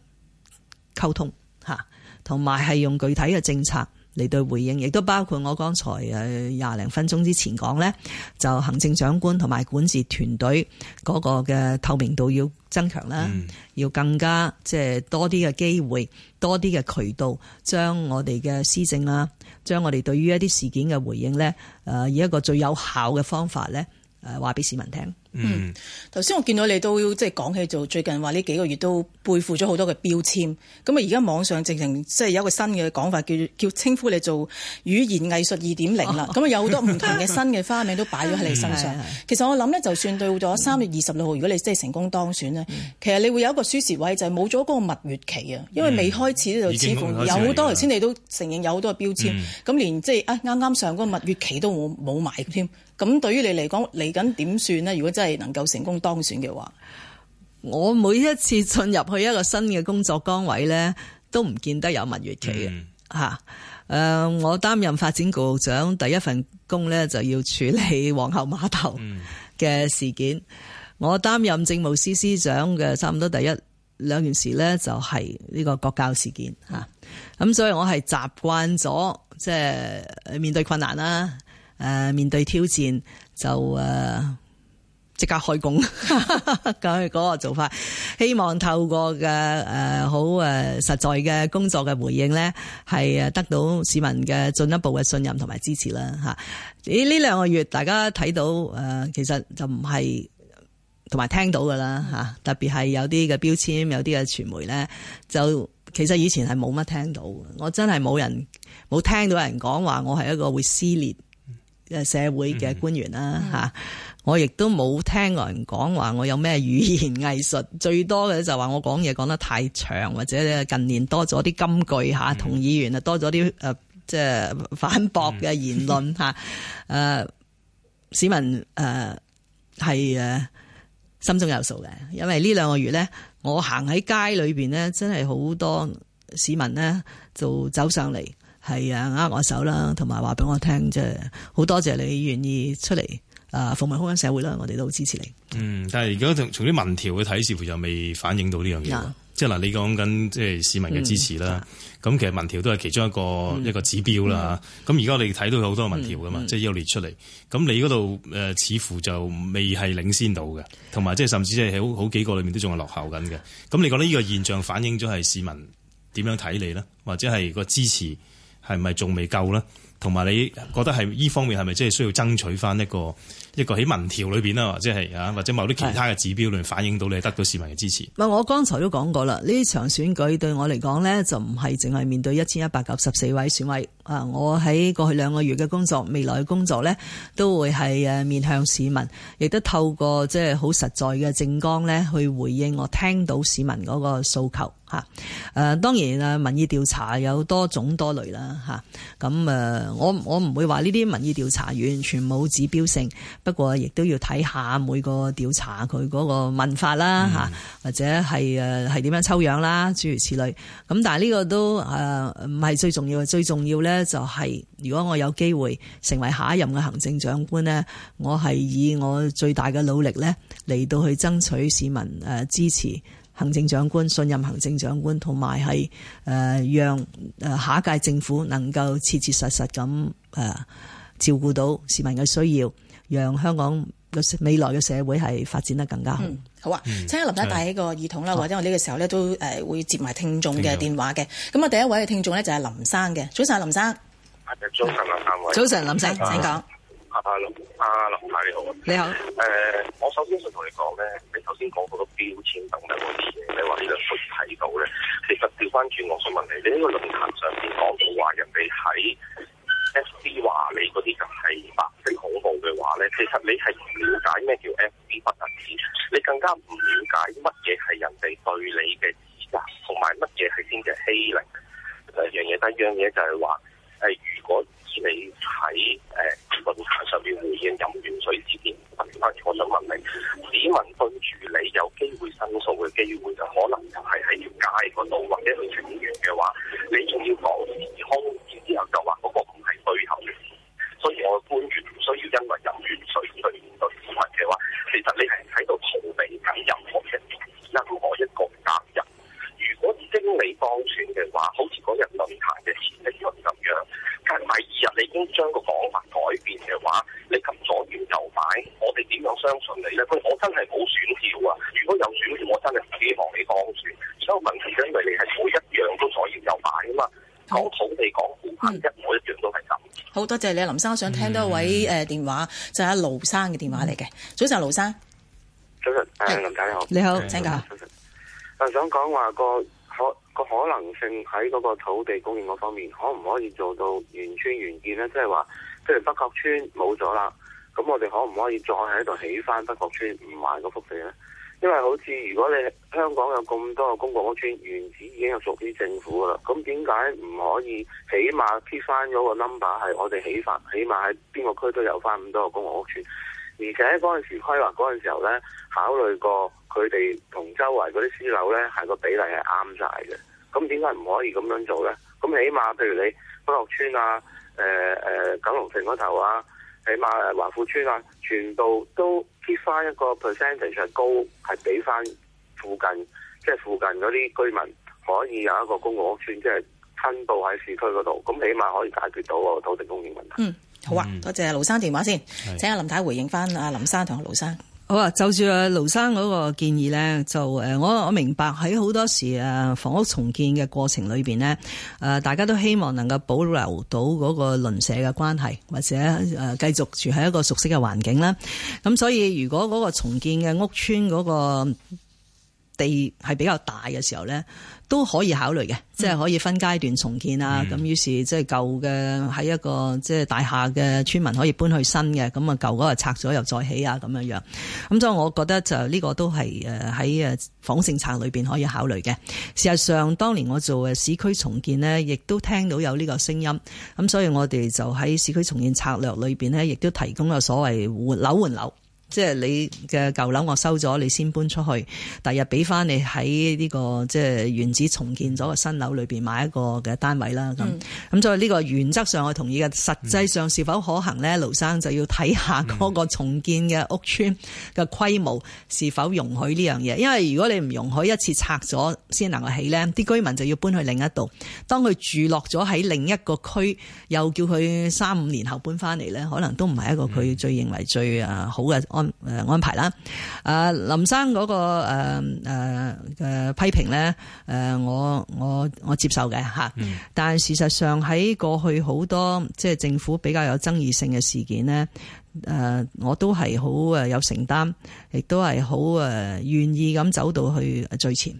溝通吓，同埋係用具體嘅政策。嚟對回應，亦都包括我剛才誒廿零分鐘之前講咧，就行政長官同埋管治團隊嗰個嘅透明度要增強啦，嗯、要更加即係多啲嘅機會，多啲嘅渠道，將我哋嘅施政啦，將我哋對於一啲事件嘅回應咧，誒以一個最有效嘅方法咧，誒話俾市民聽。嗯，頭先、嗯、我見到你都即係講起做最近話呢幾個月都背負咗好多嘅標籤，咁啊而家網上直情即係有一個新嘅講法叫叫稱呼你做語言藝術二點零啦，咁啊有好多唔同嘅新嘅花名都擺咗喺你身上。嗯、其實我諗咧，就算到咗三月二十六號，嗯、如果你真係成功當選咧，嗯、其實你會有一個輸蝕位就係冇咗嗰個蜜月期啊，因為未開始就似乎有好多頭先你都承認有好多嘅標籤，咁、嗯、連即、就、係、是、啊啱啱上嗰個蜜月期都冇冇埋添。咁對於你嚟講，嚟緊點算呢？如果真的即係能夠成功當選嘅話，我每一次進入去一個新嘅工作崗位呢，都唔見得有蜜月期吓。誒、嗯啊,我擔任發展局局長第一份工呢，就要處理皇后碼頭嘅事件。嗯、我擔任政務司司長嘅差唔多第一兩件事呢，就係呢個國教事件吓。咁、啊、所以我係習慣咗，即、就、係、是、面對困難啦，誒、呃，面對挑戰就誒。呃即刻開工，咁嗰個做法，希望透過嘅誒、呃、好誒實在嘅工作嘅回應咧，係誒得到市民嘅進一步嘅信任同埋支持啦吓。咦，呢兩個月大家睇到誒、呃，其實就唔係同埋聽到噶啦吓，特別係有啲嘅標籤，有啲嘅傳媒咧，就其實以前係冇乜聽到，我真係冇人冇聽到人講話，我係一個會撕裂社會嘅官員啦吓。嗯嗯啊我亦都冇聽人講話，我有咩語言藝術，最多嘅就話我講嘢講得太長，或者近年多咗啲金句吓，同議員啊多咗啲誒，即係反駁嘅言論吓。誒，市民誒係誒心中有數嘅，因為呢兩個月呢，我行喺街裏邊呢，真係好多市民呢就走上嚟係啊握我手啦，同埋話俾我聽，即係好多謝你願意出嚟。啊！服務好緊社會啦，我哋都支持你。嗯，但係而家從啲民調去睇，似乎又未反映到呢樣嘢。啊、即係嗱，你講緊即係市民嘅支持啦。咁、嗯、其實民調都係其中一個、嗯、一個指標啦。咁而家我哋睇到好多民調噶嘛，嗯、即係優劣出嚟。咁、嗯、你嗰度誒，似乎就未係領先到嘅。同埋即係甚至即係好好幾個裏面都仲係落後緊嘅。咁、嗯、你覺得呢個現象反映咗係市民點樣睇你呢？或者係個支持係咪仲未夠呢？同埋你覺得係呢方面係咪真係需要爭取翻一個一個喺民調裏面，啦，或者係啊，或者某啲其他嘅指標嚟反映到你得到市民嘅支持？唔係，我剛才都講過啦，呢場選舉對我嚟講呢，就唔係淨係面對一千一百九十四位選委啊！我喺過去兩個月嘅工作，未來嘅工作呢，都會係面向市民，亦都透過即係好實在嘅政綱呢，去回應我聽到市民嗰個訴求。吓，誒，當然誒，民意調查有多種多類啦，吓，咁誒，我我唔會話呢啲民意調查完全冇指標性，不過亦都要睇下每個調查佢嗰個問法啦，吓，或者係誒係點樣抽樣啦，諸如此類。咁但係呢個都誒唔係最重要，最重要咧就係如果我有機會成為下一任嘅行政長官呢，我係以我最大嘅努力咧嚟到去爭取市民誒支持。行政長官信任行政長官，同埋係誒，讓誒下一屆政府能夠切切實實咁誒、呃、照顧到市民嘅需要，讓香港嘅未來嘅社會係發展得更加好。嗯、好啊，嗯、請阿林生戴起個耳筒啦，或者的我呢個時候咧都誒會接埋聽眾嘅電話嘅。咁啊的，第一位嘅聽眾咧就係林生嘅，早晨，林生。早晨，林生。早晨，林生，請講。阿林，阿林太你好。你好。誒、呃，我首先想同你講咧，你頭先講好多標籤等等嗰啲，你話呢兩句睇到咧。其實調翻轉，我想問你，你呢個論壇上邊講到話人哋喺 FB 話你嗰啲就係白色恐怖嘅話咧，其實你係唔瞭解咩叫 FB 不特止，你更加唔瞭解乜嘢係人哋對你嘅指責，同埋乜嘢係先嘅欺凌。誒樣嘢第一，樣嘢就係話。即係你林生，我想聽多一位誒電話，嗯、就係阿盧生嘅電話嚟嘅。早晨，盧生。早晨，林仔你好。你好，請講。早晨，我想講話個可個可能性喺嗰個土地供應嗰方面，可唔可以做到原村原建咧？即係話，即係北角村冇咗啦，咁我哋可唔可以再喺度起翻北角村唔賣嗰幅地咧？因為好似如果你香港有咁多嘅公共屋村。已經係屬於政府噶啦，咁點解唔可以起碼貼翻咗個 number 係我哋起法？起碼喺邊個區都有翻咁多個公屋屋村，而且嗰陣時規劃嗰陣時候咧，考慮過佢哋同周圍嗰啲私樓咧係個比例係啱晒嘅。咁點解唔可以咁樣做咧？咁起碼譬如你居樂村啊、呃呃、九龍城嗰頭啊，起碼華富村啊，全部都貼翻一個 percentage 係高，係俾翻附近，即係附近嗰啲居民。可以有一個公共屋村，即係分布喺市區嗰度，咁起碼可以解決到個土地供應問題。嗯，好啊，多謝盧生電話先，嗯、請阿林太，太回應翻阿林生同阿盧生。好啊，就住阿盧生嗰個建議咧，就誒，我我明白喺好多時誒房屋重建嘅過程裏邊呢，誒，大家都希望能夠保留到嗰個鄰舍嘅關係，或者誒繼續住喺一個熟悉嘅環境啦。咁所以如果嗰個重建嘅屋村嗰、嗰個，地係比較大嘅時候咧，都可以考慮嘅，即係可以分階段重建啊。咁、嗯、於是即係舊嘅喺一個即係大廈嘅村民可以搬去新嘅，咁啊舊嗰個拆咗又再起啊咁樣樣。咁所以我覺得就呢個都係喺誒房政策裏邊可以考慮嘅。事實上，當年我做市區重建呢，亦都聽到有呢個聲音。咁所以我哋就喺市區重建策略裏面呢，亦都提供咗所謂換樓換樓。即係你嘅舊樓我收咗，你先搬出去。第日俾翻你喺呢個即係原址重建咗個新樓裏邊買一個嘅單位啦。咁咁所以呢個原則上，我同意嘅。實際上是否可行咧？盧、嗯、生就要睇下嗰個重建嘅屋邨嘅規模、嗯、是否容許呢樣嘢。因為如果你唔容許一次拆咗先能夠起咧，啲居民就要搬去另一度。當佢住落咗喺另一個區，又叫佢三五年後搬翻嚟，咧，可能都唔係一個佢最認為最好嘅。嗯誒，安排啦。林生嗰個誒誒誒批評咧，誒我我我接受嘅吓。但係事實上喺過去好多即係政府比較有爭議性嘅事件呢，誒我都係好誒有承擔，亦都係好誒願意咁走到去最前。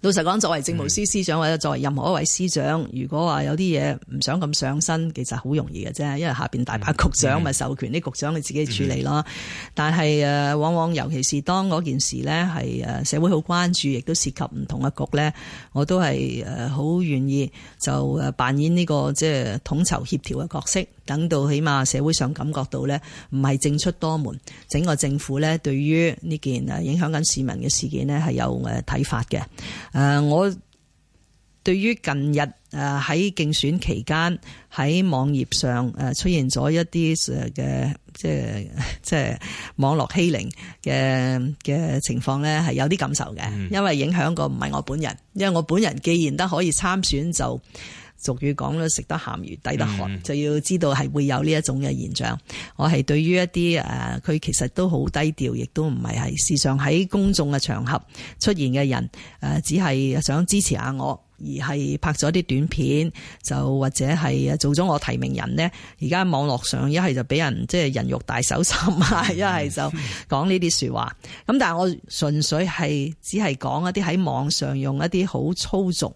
老實講，作為政務司司長或者作為任何一位司長，如果話有啲嘢唔想咁上身，其實好容易嘅啫，因為下邊大把局長咪授權啲局長你自己處理咯。但係誒、啊，往往尤其是當嗰件事呢，係誒社會好關注，亦都涉及唔同嘅局呢，我都係誒好願意就誒扮演呢、這個即係統籌協調嘅角色。等到起碼社會上感覺到咧，唔係政出多門，整個政府咧對於呢件誒影響緊市民嘅事件呢，係有誒睇法嘅。誒，我對於近日誒喺競選期間喺網頁上誒出現咗一啲嘅即係即係網絡欺凌嘅嘅情況咧係有啲感受嘅，因為影響過唔係我本人，因為我本人既然得可以參選就。俗語講啦，食得鹹魚抵得渴，就要知道係會有呢一種嘅現象。我係對於一啲誒，佢、呃、其實都好低調，亦都唔係係時常喺公眾嘅場合出現嘅人。誒，只係想支持下我，而係拍咗啲短片，就或者係做咗我提名人呢。而家網絡上一係就俾人即係、就是、人肉大搜尋啊，一係就講呢啲説話。咁 但係我純粹係只係講一啲喺網上用一啲好粗俗、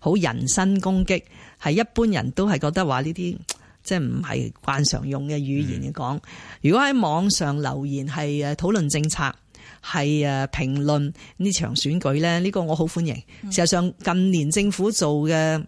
好人身攻擊。係一般人都係覺得話呢啲即係唔係慣常用嘅語言嚟講，如果喺網上留言係誒討論政策、係誒評論呢場選舉咧，呢、這個我好歡迎。事實上近年政府做嘅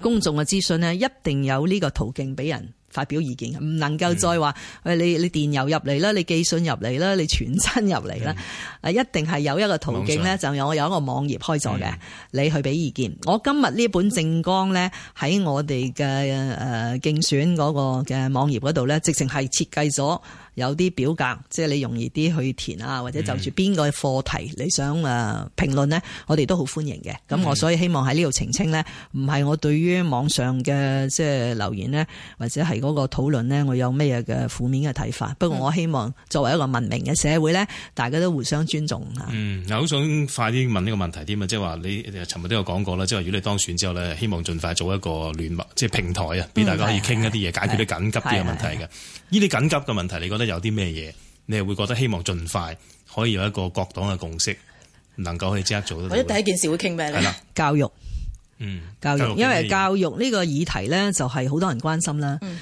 公眾嘅諮詢咧，一定有呢個途徑俾人。發表意見，唔能夠再話誒，你你電郵入嚟啦，你寄信入嚟啦，你傳真入嚟啦，嗯、一定係有一個途徑咧，就我有一個網頁開咗嘅，嗯、你去俾意見。我今日呢本政綱咧，喺我哋嘅誒競選嗰個嘅網頁嗰度咧，直情係設計咗。有啲表格，即係你容易啲去填啊，或者就住邊個課題你想誒評論呢，嗯、我哋都好歡迎嘅。咁、嗯、我所以希望喺呢度澄清呢，唔係我對於網上嘅即係留言呢，或者係嗰個討論呢，我有咩嘅負面嘅睇法。不過我希望作為一個文明嘅社會呢，嗯、大家都互相尊重吓，嗯，嗱，好想快啲問呢個問題添啊，即係話你尋日都有講過啦，即係話如果你當選之後呢，希望盡快做一個聯絡，即係平台啊，俾、嗯、大家可以傾一啲嘢，的解決啲緊急啲嘅問題嘅。呢啲緊急嘅問題，你覺得？有啲咩嘢，你係會覺得希望盡快可以有一個各黨嘅共識，能夠去即刻做得到。我覺得第一件事會傾咩咧？係啦，教育。嗯，教育，因為教育呢個議題咧，就係好多人關心啦。誒、嗯，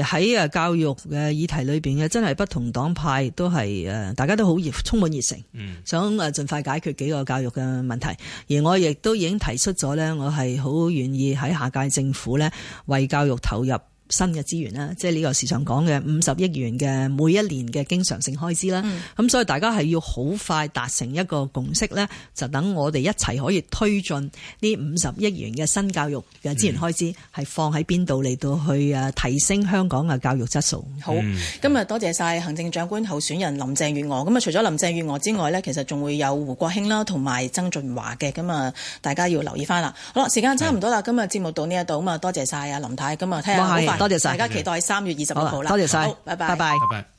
而喺誒教育嘅議題裏邊嘅，真係不同黨派都係誒，大家都好熱，充滿熱誠，想誒盡快解決幾個教育嘅問題。而我亦都已經提出咗咧，我係好願意喺下屆政府咧為教育投入。新嘅資源啦，即係呢個時常講嘅五十億元嘅每一年嘅經常性開支啦，咁、嗯、所以大家係要好快達成一個共識咧，就等我哋一齊可以推進呢五十億元嘅新教育嘅資源開支係、嗯、放喺邊度嚟到去誒提升香港嘅教育質素。嗯、好，今日多謝晒行政長官候選人林鄭月娥，咁啊除咗林鄭月娥之外呢，其實仲會有胡國興啦，同埋曾俊華嘅，咁啊大家要留意翻啦。好啦，時間差唔多啦，是今日節目到呢一度啊，多謝晒啊林太，咁啊聽下好快多謝曬，大家期待三月二十號啦。多謝曬，拜拜，拜拜。